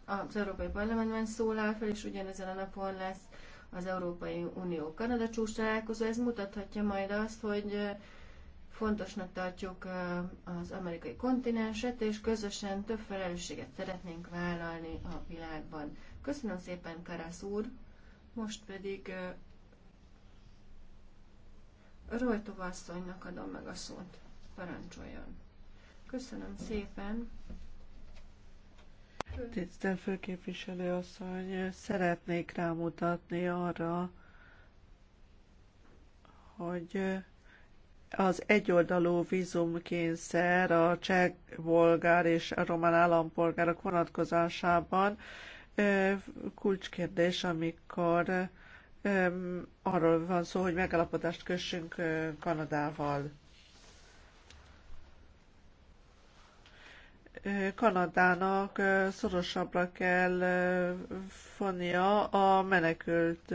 az Európai Parlamentben szólal fel, és ugyanezen a napon lesz az Európai Unió Kanada csúcs találkozó. Ez mutathatja majd azt, hogy fontosnak tartjuk az amerikai kontinenset, és közösen több felelősséget szeretnénk vállalni a világban. Köszönöm szépen, Karasz úr! Most pedig Rojtov asszonynak adom meg a szót. Parancsoljon! Köszönöm szépen! Tisztelt főképviselő asszony, szeretnék rámutatni arra, hogy az egyoldalú vízumkényszer a cseh, bolgár és a román állampolgárok vonatkozásában kulcskérdés, amikor arról van szó, hogy megállapodást kössünk Kanadával. Kanadának szorosabbra kell fonia a menekült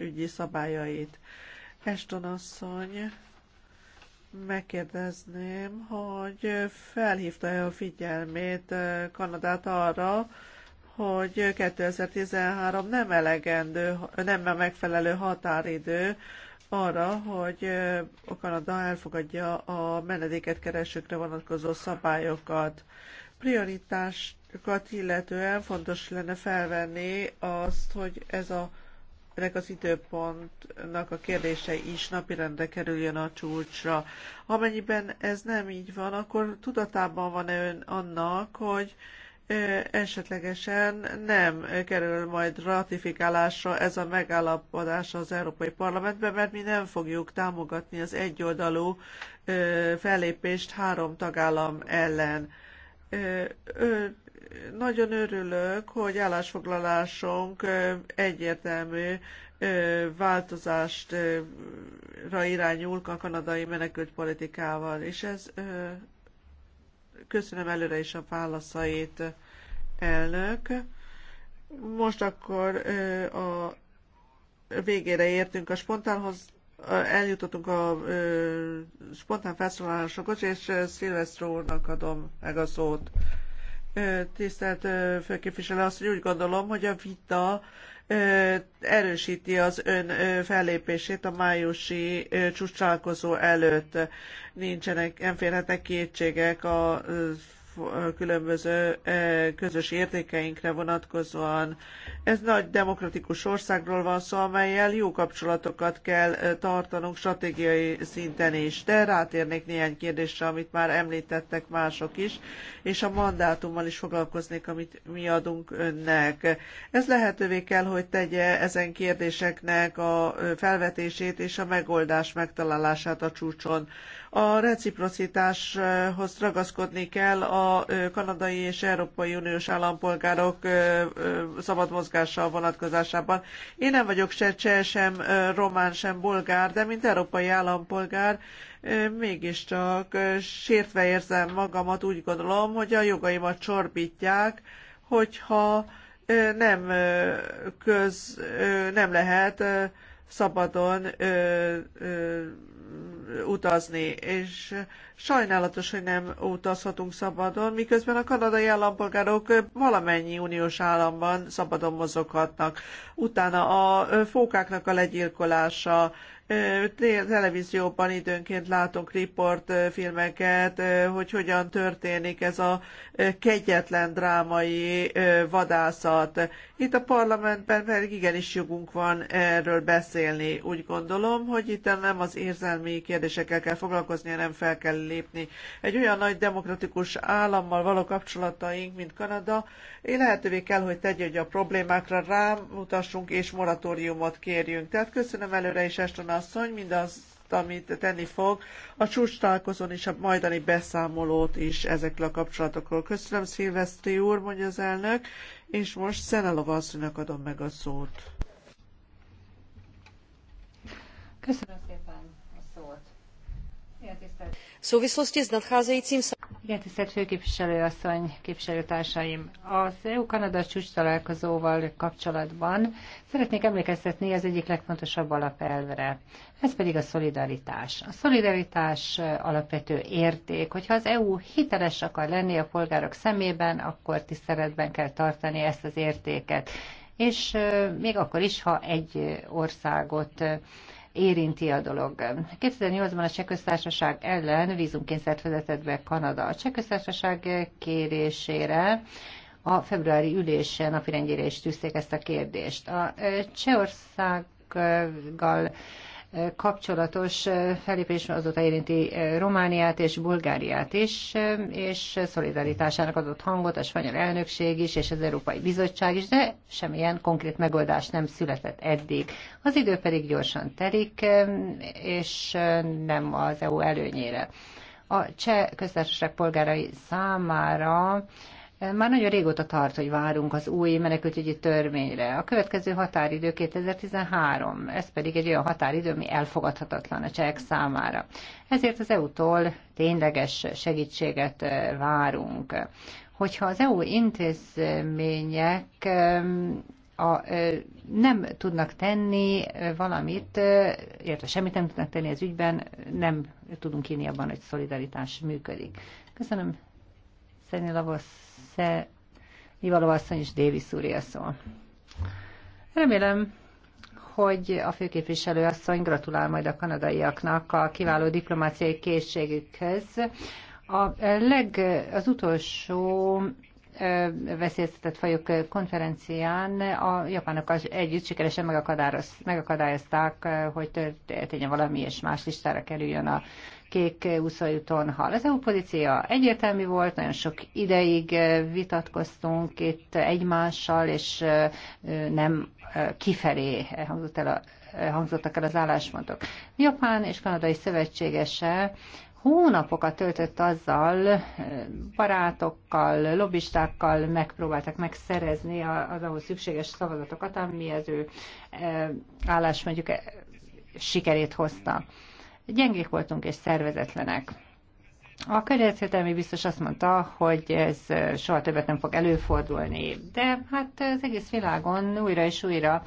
ügyi szabályait. Eston asszony, megkérdezném, hogy felhívta-e a figyelmét Kanadát arra, hogy 2013 nem elegendő, nem megfelelő határidő arra, hogy a Kanada elfogadja a menedéket keresőkre vonatkozó szabályokat. Prioritásokat illetően fontos lenne felvenni azt, hogy ez a ennek az időpontnak a kérdése is napirendre kerüljön a csúcsra. Amennyiben ez nem így van, akkor tudatában van -e ön annak, hogy esetlegesen nem kerül majd ratifikálásra ez a megállapodás az Európai Parlamentben, mert mi nem fogjuk támogatni az egyoldalú fellépést három tagállam ellen. Nagyon örülök, hogy állásfoglalásunk egyértelmű változást irányul a kanadai menekültpolitikával, és ez Köszönöm előre is a válaszait, elnök. Most akkor a végére értünk a spontánhoz, eljutottunk a spontán felszólalásokhoz, és Szilvesztró úrnak adom meg a szót. Tisztelt főképviselő asszony, úgy gondolom, hogy a vita erősíti az ön fellépését a májusi csúcsálkozó előtt. Nincsenek, nem férhetnek kétségek a különböző közös értékeinkre vonatkozóan. Ez nagy demokratikus országról van szó, amelyel jó kapcsolatokat kell tartanunk stratégiai szinten is. De rátérnék néhány kérdésre, amit már említettek mások is, és a mandátummal is foglalkoznék, amit mi adunk önnek. Ez lehetővé kell, hogy tegye ezen kérdéseknek a felvetését és a megoldás megtalálását a csúcson. A reciprocitáshoz ragaszkodni kell a kanadai és Európai Uniós állampolgárok szabad mozgása vonatkozásában. Én nem vagyok se cseh, sem román, sem bolgár, de mint európai állampolgár mégiscsak sértve érzem magamat, úgy gondolom, hogy a jogaimat csorbítják, hogyha nem köz, nem lehet szabadon utazni, és sajnálatos, hogy nem utazhatunk szabadon, miközben a kanadai állampolgárok valamennyi uniós államban szabadon mozoghatnak. Utána a fókáknak a legyilkolása, televízióban időnként látunk riportfilmeket, hogy hogyan történik ez a kegyetlen drámai vadászat, itt a parlamentben pedig igenis jogunk van erről beszélni. Úgy gondolom, hogy itt nem az érzelmi kérdésekkel kell foglalkozni, hanem fel kell lépni. Egy olyan nagy demokratikus állammal való kapcsolataink, mint Kanada, lehetővé kell, hogy tegye, hogy a problémákra rámutassunk és moratóriumot kérjünk. Tehát köszönöm előre is, Eston asszony, mindaz amit tenni fog, a csúcs találkozón is a majdani beszámolót is ezekkel a kapcsolatokról. Köszönöm Szilveszti úr, mondja az elnök, és most Szenelova asszonynak adom meg a szót. Köszönöm igen, tisztelt főképviselő asszony, képviselőtársaim! Az EU-Kanada csúcs találkozóval kapcsolatban szeretnék emlékeztetni az egyik legfontosabb alapelvre. Ez pedig a szolidaritás. A szolidaritás alapvető érték. Hogyha az EU hiteles akar lenni a polgárok szemében, akkor tiszteletben kell tartani ezt az értéket. És még akkor is, ha egy országot érinti a dolog. 2008-ban a Csehköztársaság ellen vízumkényszert vezetett be Kanada. A Csehköztársaság kérésére a februári ülésen napirendjére is tűzték ezt a kérdést. A Csehországgal kapcsolatos felépés azóta érinti Romániát és Bulgáriát is, és szolidaritásának adott hangot a spanyol elnökség is, és az Európai Bizottság is, de semmilyen konkrét megoldás nem született eddig. Az idő pedig gyorsan telik, és nem az EU előnyére. A cseh köztársaság polgárai számára már nagyon régóta tart, hogy várunk az új menekültügyi törvényre. A következő határidő 2013, ez pedig egy olyan határidő, ami elfogadhatatlan a csehek számára. Ezért az EU-tól tényleges segítséget várunk. Hogyha az EU intézmények a, nem tudnak tenni valamit, illetve semmit nem tudnak tenni az ügyben, nem tudunk hinni abban, hogy szolidaritás működik. Köszönöm Szenilavos Sze, Ivaló asszony és Davis Szúria szól. Remélem, hogy a főképviselő asszony gratulál majd a kanadaiaknak a kiváló diplomáciai készségükhöz. A leg, az utolsó veszélyeztetett fajok konferencián a japánok együtt sikeresen megakadályozták, hogy történjen valami, és más listára kerüljön a kék úszajúton hal. Az EU pozícia egyértelmű volt, nagyon sok ideig eh, vitatkoztunk itt egymással, és eh, nem eh, kifelé hangzott el a, hangzottak el az álláspontok. Japán és kanadai szövetségese hónapokat töltött azzal, barátokkal, lobbistákkal megpróbáltak megszerezni az ahhoz szükséges szavazatokat, ami az ő állásmondjuk sikerét hozta gyengék voltunk és szervezetlenek. A környezetvédelmi biztos azt mondta, hogy ez soha többet nem fog előfordulni, de hát az egész világon újra és újra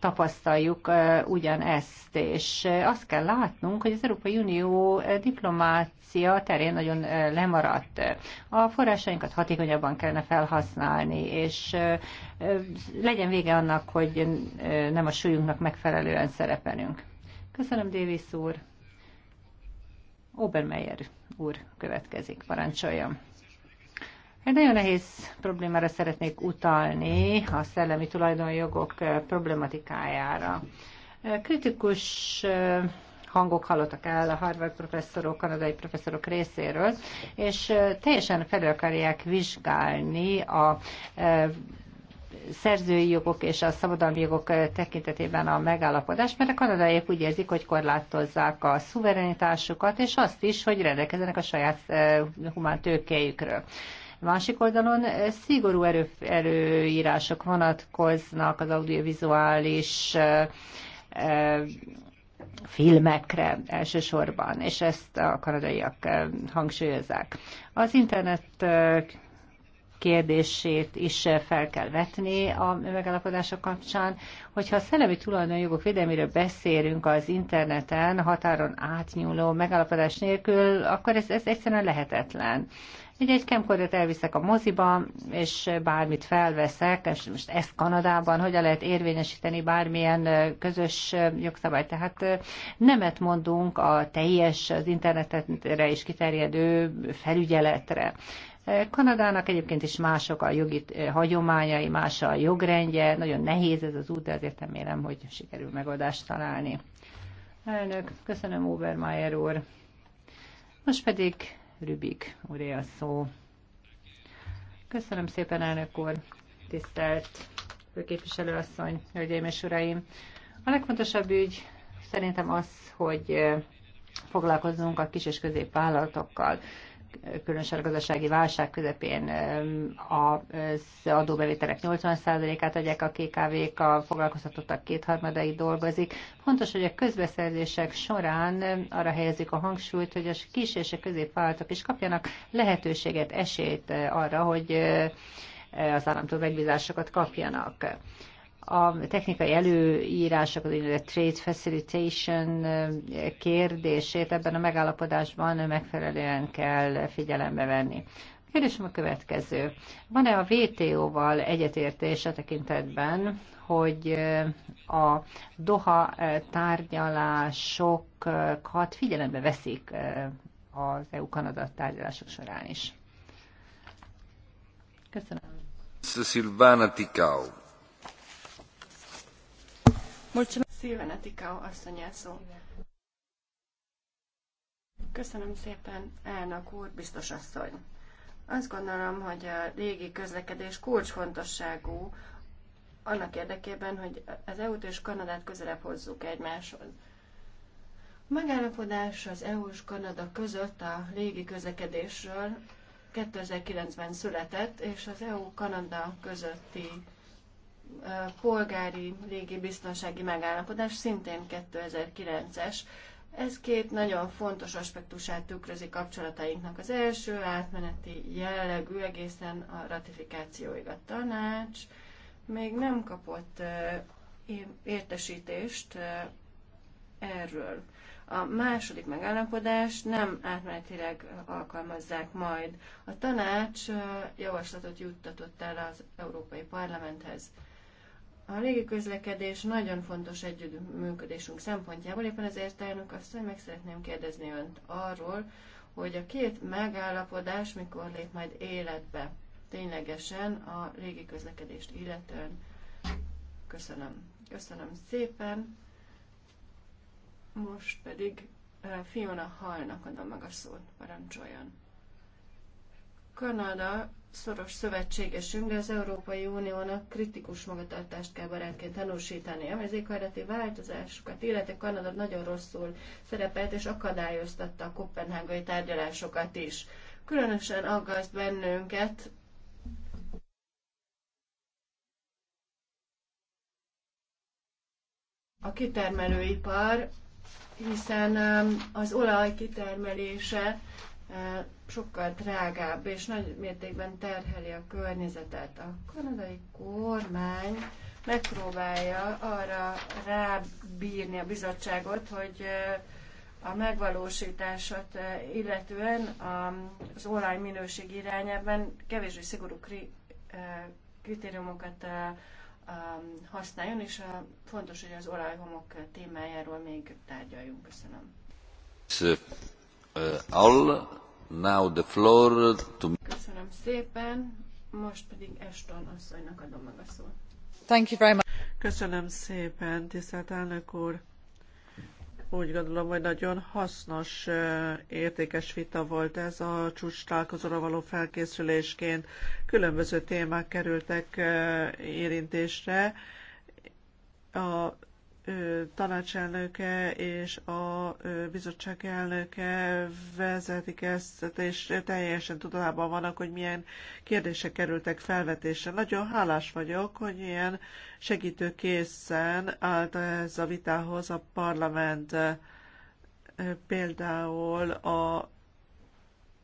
tapasztaljuk ugyanezt, és azt kell látnunk, hogy az Európai Unió diplomácia terén nagyon lemaradt. A forrásainkat hatékonyabban kellene felhasználni, és legyen vége annak, hogy nem a súlyunknak megfelelően szerepelünk. Köszönöm, Davis úr! Obermeyer úr következik, parancsoljam. Egy nagyon nehéz problémára szeretnék utalni, a szellemi tulajdonjogok eh, problematikájára. Eh, kritikus eh, hangok hallottak el a Harvard professzorok, kanadai professzorok részéről, és teljesen felül akarják vizsgálni a szerzői jogok és a szabadalmi jogok tekintetében a megállapodás, mert a kanadaiak úgy érzik, hogy korlátozzák a szuverenitásukat, és azt is, hogy rendelkezzenek a saját humán tőkéjükről. Másik oldalon szigorú erő, erőírások vonatkoznak az audiovizuális filmekre elsősorban, és ezt a kanadaiak hangsúlyozzák. Az internet kérdését is fel kell vetni a megállapodások kapcsán. Hogyha a szellemi tulajdonjogok védelméről beszélünk az interneten, határon átnyúló megállapodás nélkül, akkor ez, ez egyszerűen lehetetlen. Így egy camcordet elviszek a moziba, és bármit felveszek, és most ezt Kanadában hogyan lehet érvényesíteni bármilyen közös jogszabály. Tehát nemet mondunk a teljes, az internetre is kiterjedő felügyeletre. Kanadának egyébként is mások a jogi eh, hagyományai, más a jogrendje, nagyon nehéz ez az út, de azért remélem, hogy sikerül megoldást találni. Elnök, köszönöm Obermeier úr. Most pedig Rübik úré a szó. Köszönöm szépen, elnök úr, tisztelt főképviselőasszony, hölgyeim és uraim. A legfontosabb ügy szerintem az, hogy eh, foglalkozzunk a kis és középvállalatokkal különösen a gazdasági válság közepén az adóbevételek 80%-át adják a KKV-k, a foglalkoztatottak kétharmadai dolgozik. Fontos, hogy a közbeszerzések során arra helyezik a hangsúlyt, hogy a kis és a középvállalatok is kapjanak lehetőséget, esélyt arra, hogy az államtól megbízásokat kapjanak a technikai előírások, az a trade facilitation eh, kérdését ebben a megállapodásban megfelelően kell figyelembe venni. A kérdésem a következő. Van-e a WTO-val egyetértés a tekintetben, hogy eh, a Doha eh, tárgyalásokat figyelembe veszik az EU-Kanada tárgyalások során is? Köszönöm. Silvana Tikau. Mulțumesc. Szilvene Tikau asszonyá Köszönöm szépen, elnök úr, biztos asszony. Azt gondolom, hogy a régi közlekedés kulcsfontosságú annak érdekében, hogy az EU-t és Kanadát közelebb hozzuk egymáshoz. A megállapodás az EU és Kanada között a légi közlekedésről 2009-ben született, és az EU-Kanada közötti polgári régi biztonsági megállapodás, szintén 2009-es. Ez két nagyon fontos aspektusát tükrözi kapcsolatainknak. Az első átmeneti jellegű egészen a ratifikációig a tanács még nem kapott értesítést erről. A második megállapodás nem átmenetileg alkalmazzák majd. A tanács javaslatot juttatott el az Európai Parlamenthez. A közlekedés nagyon fontos együttműködésünk szempontjából, éppen ezért azt, hogy meg szeretném kérdezni önt arról, hogy a két megállapodás mikor lép majd életbe ténylegesen a közlekedést illetően. Köszönöm. Köszönöm szépen. Most pedig eh, Fiona Hallnak adom meg a szót, parancsoljon. Kanada szoros szövetségesünk, de az Európai Uniónak kritikus magatartást kell barátként tanúsítani. A mezékhajlati változásokat illetve Kanada nagyon rosszul szerepelt és akadályoztatta a kopenhágai tárgyalásokat is. Különösen aggaszt bennünket a kitermelőipar, hiszen um, az olaj kitermelése sokkal drágább és nagy mértékben terheli a környezetet. A kanadai kormány megpróbálja arra rábírni a bizottságot, hogy a megvalósítását illetően az online minőség irányában kevésbé szigorú kritériumokat használjon, és fontos, hogy az olajhomok témájáról még tárgyaljunk. Köszönöm. Szép. Uh, all. Now the floor to... Köszönöm szépen, most pedig Eston asszonynak adom meg a szót. Thank you very much. Köszönöm szépen, tisztelt elnök úr. Úgy gondolom, hogy nagyon hasznos, értékes vita volt ez a csúcs találkozóra való felkészülésként. Különböző témák kerültek érintésre. A tanácselnöke és a bizottság elnöke vezetik ezt, és teljesen tudatában vannak, hogy milyen kérdések kerültek felvetésre. Nagyon hálás vagyok, hogy ilyen segítőkészen állt ez a vitához a parlament például a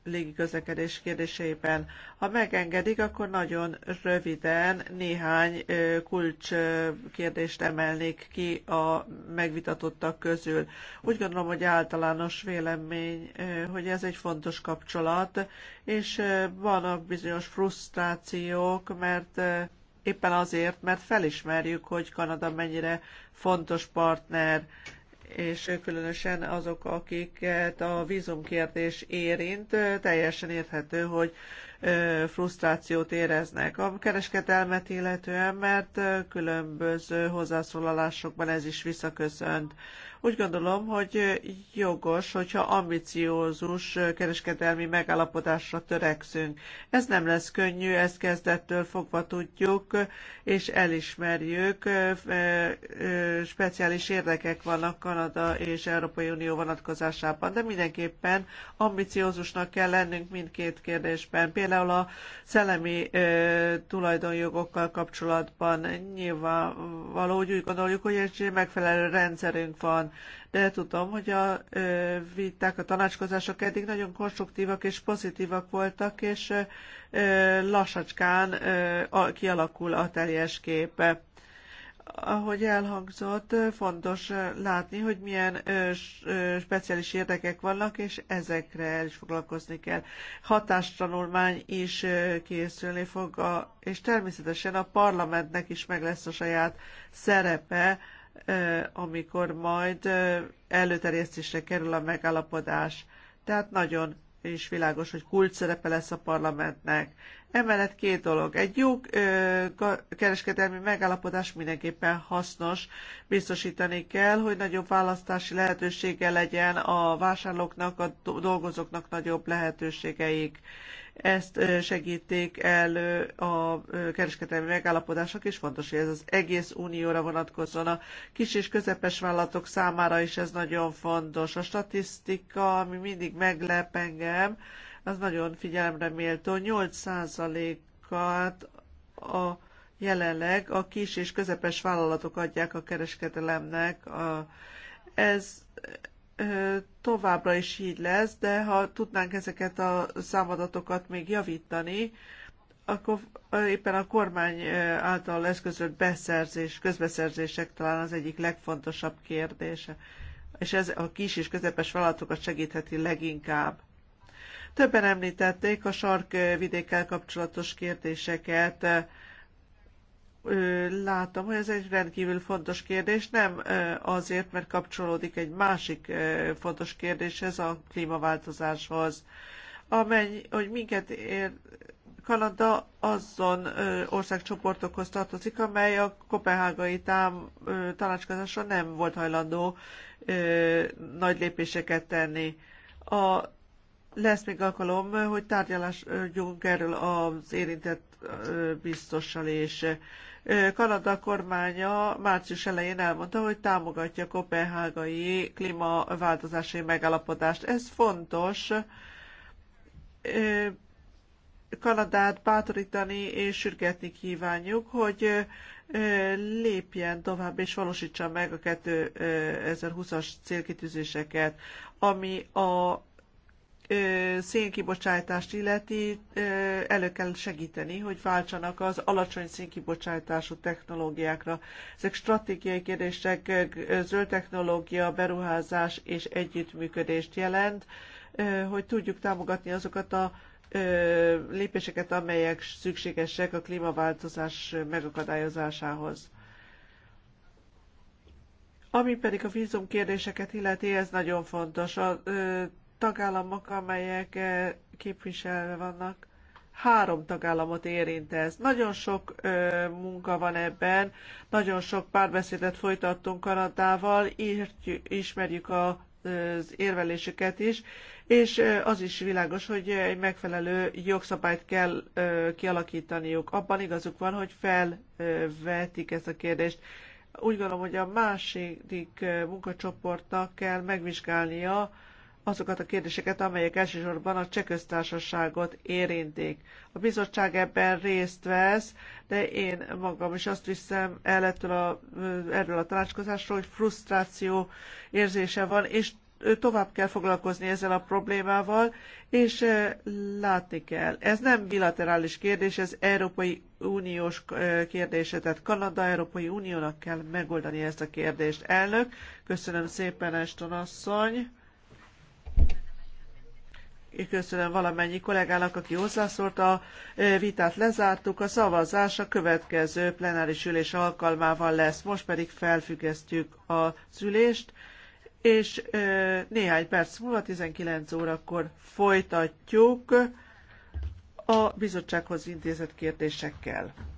légiközlekedés kérdésében. Ha megengedik, akkor nagyon röviden néhány kulcs kérdést emelnék ki a megvitatottak közül. Úgy gondolom, hogy általános vélemény, hogy ez egy fontos kapcsolat, és vannak bizonyos frusztrációk, mert éppen azért, mert felismerjük, hogy Kanada mennyire fontos partner és különösen azok, akiket a vízumkérdés érint, teljesen érthető, hogy frusztrációt éreznek. A kereskedelmet illetően, mert különböző hozzászólalásokban ez is visszaköszönt. Úgy gondolom, hogy jogos, hogyha ambiciózus kereskedelmi megállapodásra törekszünk. Ez nem lesz könnyű, ezt kezdettől fogva tudjuk, és elismerjük. Speciális érdekek vannak Kanada és Európai Unió vonatkozásában, de mindenképpen ambiciózusnak kell lennünk mindkét kérdésben. Például a szellemi tulajdonjogokkal kapcsolatban nyilvánvaló, hogy úgy gondoljuk, hogy egy megfelelő rendszerünk van, de tudom, hogy a viták, a tanácskozások eddig nagyon konstruktívak és pozitívak voltak, és lassacskán kialakul a teljes kép ahogy elhangzott, fontos látni, hogy milyen speciális érdekek vannak, és ezekre is foglalkozni kell. Hatástanulmány is készülni fog, a, és természetesen a parlamentnek is meg lesz a saját szerepe amikor majd előterjesztésre kerül a megállapodás. Tehát nagyon és világos, hogy kult szerepe lesz a parlamentnek. Emellett két dolog. Egy jó kereskedelmi megállapodás mindenképpen hasznos. Biztosítani kell, hogy nagyobb választási lehetősége legyen a vásárlóknak, a dolgozóknak nagyobb lehetőségeik. Ezt segítik elő a kereskedelmi megállapodások, és fontos, hogy ez az egész unióra vonatkozzon. A kis és közepes vállalatok számára is ez nagyon fontos. A statisztika, ami mindig meglep engem, az nagyon figyelemre méltó. 8 at a jelenleg a kis és közepes vállalatok adják a kereskedelemnek. A, ez továbbra is így lesz, de ha tudnánk ezeket a számadatokat még javítani, akkor éppen a kormány által eszközölt beszerzés, közbeszerzések talán az egyik legfontosabb kérdése, és ez a kis és közepes vállalatokat segítheti leginkább. Többen említették a sarkvidékkel kapcsolatos kérdéseket, látom, hogy ez egy rendkívül fontos kérdés, nem azért, mert kapcsolódik egy másik fontos kérdéshez, a klímaváltozáshoz. amely, hogy minket ér, Kanada azon országcsoportokhoz tartozik, amely a kopenhágai tám, tanácskozáson nem volt hajlandó nagy lépéseket tenni. A, lesz még alkalom, hogy tárgyalásunk erről az érintett biztossal, és Kanada kormánya március elején elmondta, hogy támogatja a kopenhágai klímaváltozási megállapodást. Ez fontos, Kanadát bátorítani és sürgetni kívánjuk, hogy lépjen tovább és valósítsa meg a 2020-as célkitűzéseket, ami a szénkibocsátást illeti, elő kell segíteni, hogy váltsanak az alacsony szénkibocsátású technológiákra. Ezek stratégiai kérdések, zöld technológia, beruházás és együttműködést jelent, hogy tudjuk támogatni azokat a lépéseket, amelyek szükségesek a klímaváltozás megakadályozásához. Ami pedig a vízum kérdéseket illeti, ez nagyon fontos. A tagállamok, amelyek eh, képviselve vannak, három tagállamot érint ez. Nagyon sok ö, munka van ebben, nagyon sok párbeszédet folytattunk Kanadával, írtjük, ismerjük a az érvelésüket is, és az is világos, hogy egy megfelelő jogszabályt kell kialakítaniuk. Abban igazuk van, hogy felvetik ezt a kérdést. Úgy gondolom, hogy a második munkacsoportnak kell megvizsgálnia, azokat a kérdéseket, amelyek elsősorban a cseköztársaságot érintik. A bizottság ebben részt vesz, de én magam is azt hiszem, el ettől a, erről a tanácskozásról, hogy frusztráció érzése van, és tovább kell foglalkozni ezzel a problémával, és eh, látni kell. Ez nem bilaterális kérdés, ez Európai Uniós eh, kérdése, tehát Kanada Európai Uniónak kell megoldani ezt a kérdést. Elnök, köszönöm szépen, Eston asszony! köszönöm valamennyi kollégának, aki hozzászólt. A e, vitát lezártuk, a szavazás a következő plenáris ülés alkalmával lesz. Most pedig felfüggesztjük a ülést, és e, néhány perc múlva, 19 órakor folytatjuk a bizottsághoz intézett kérdésekkel.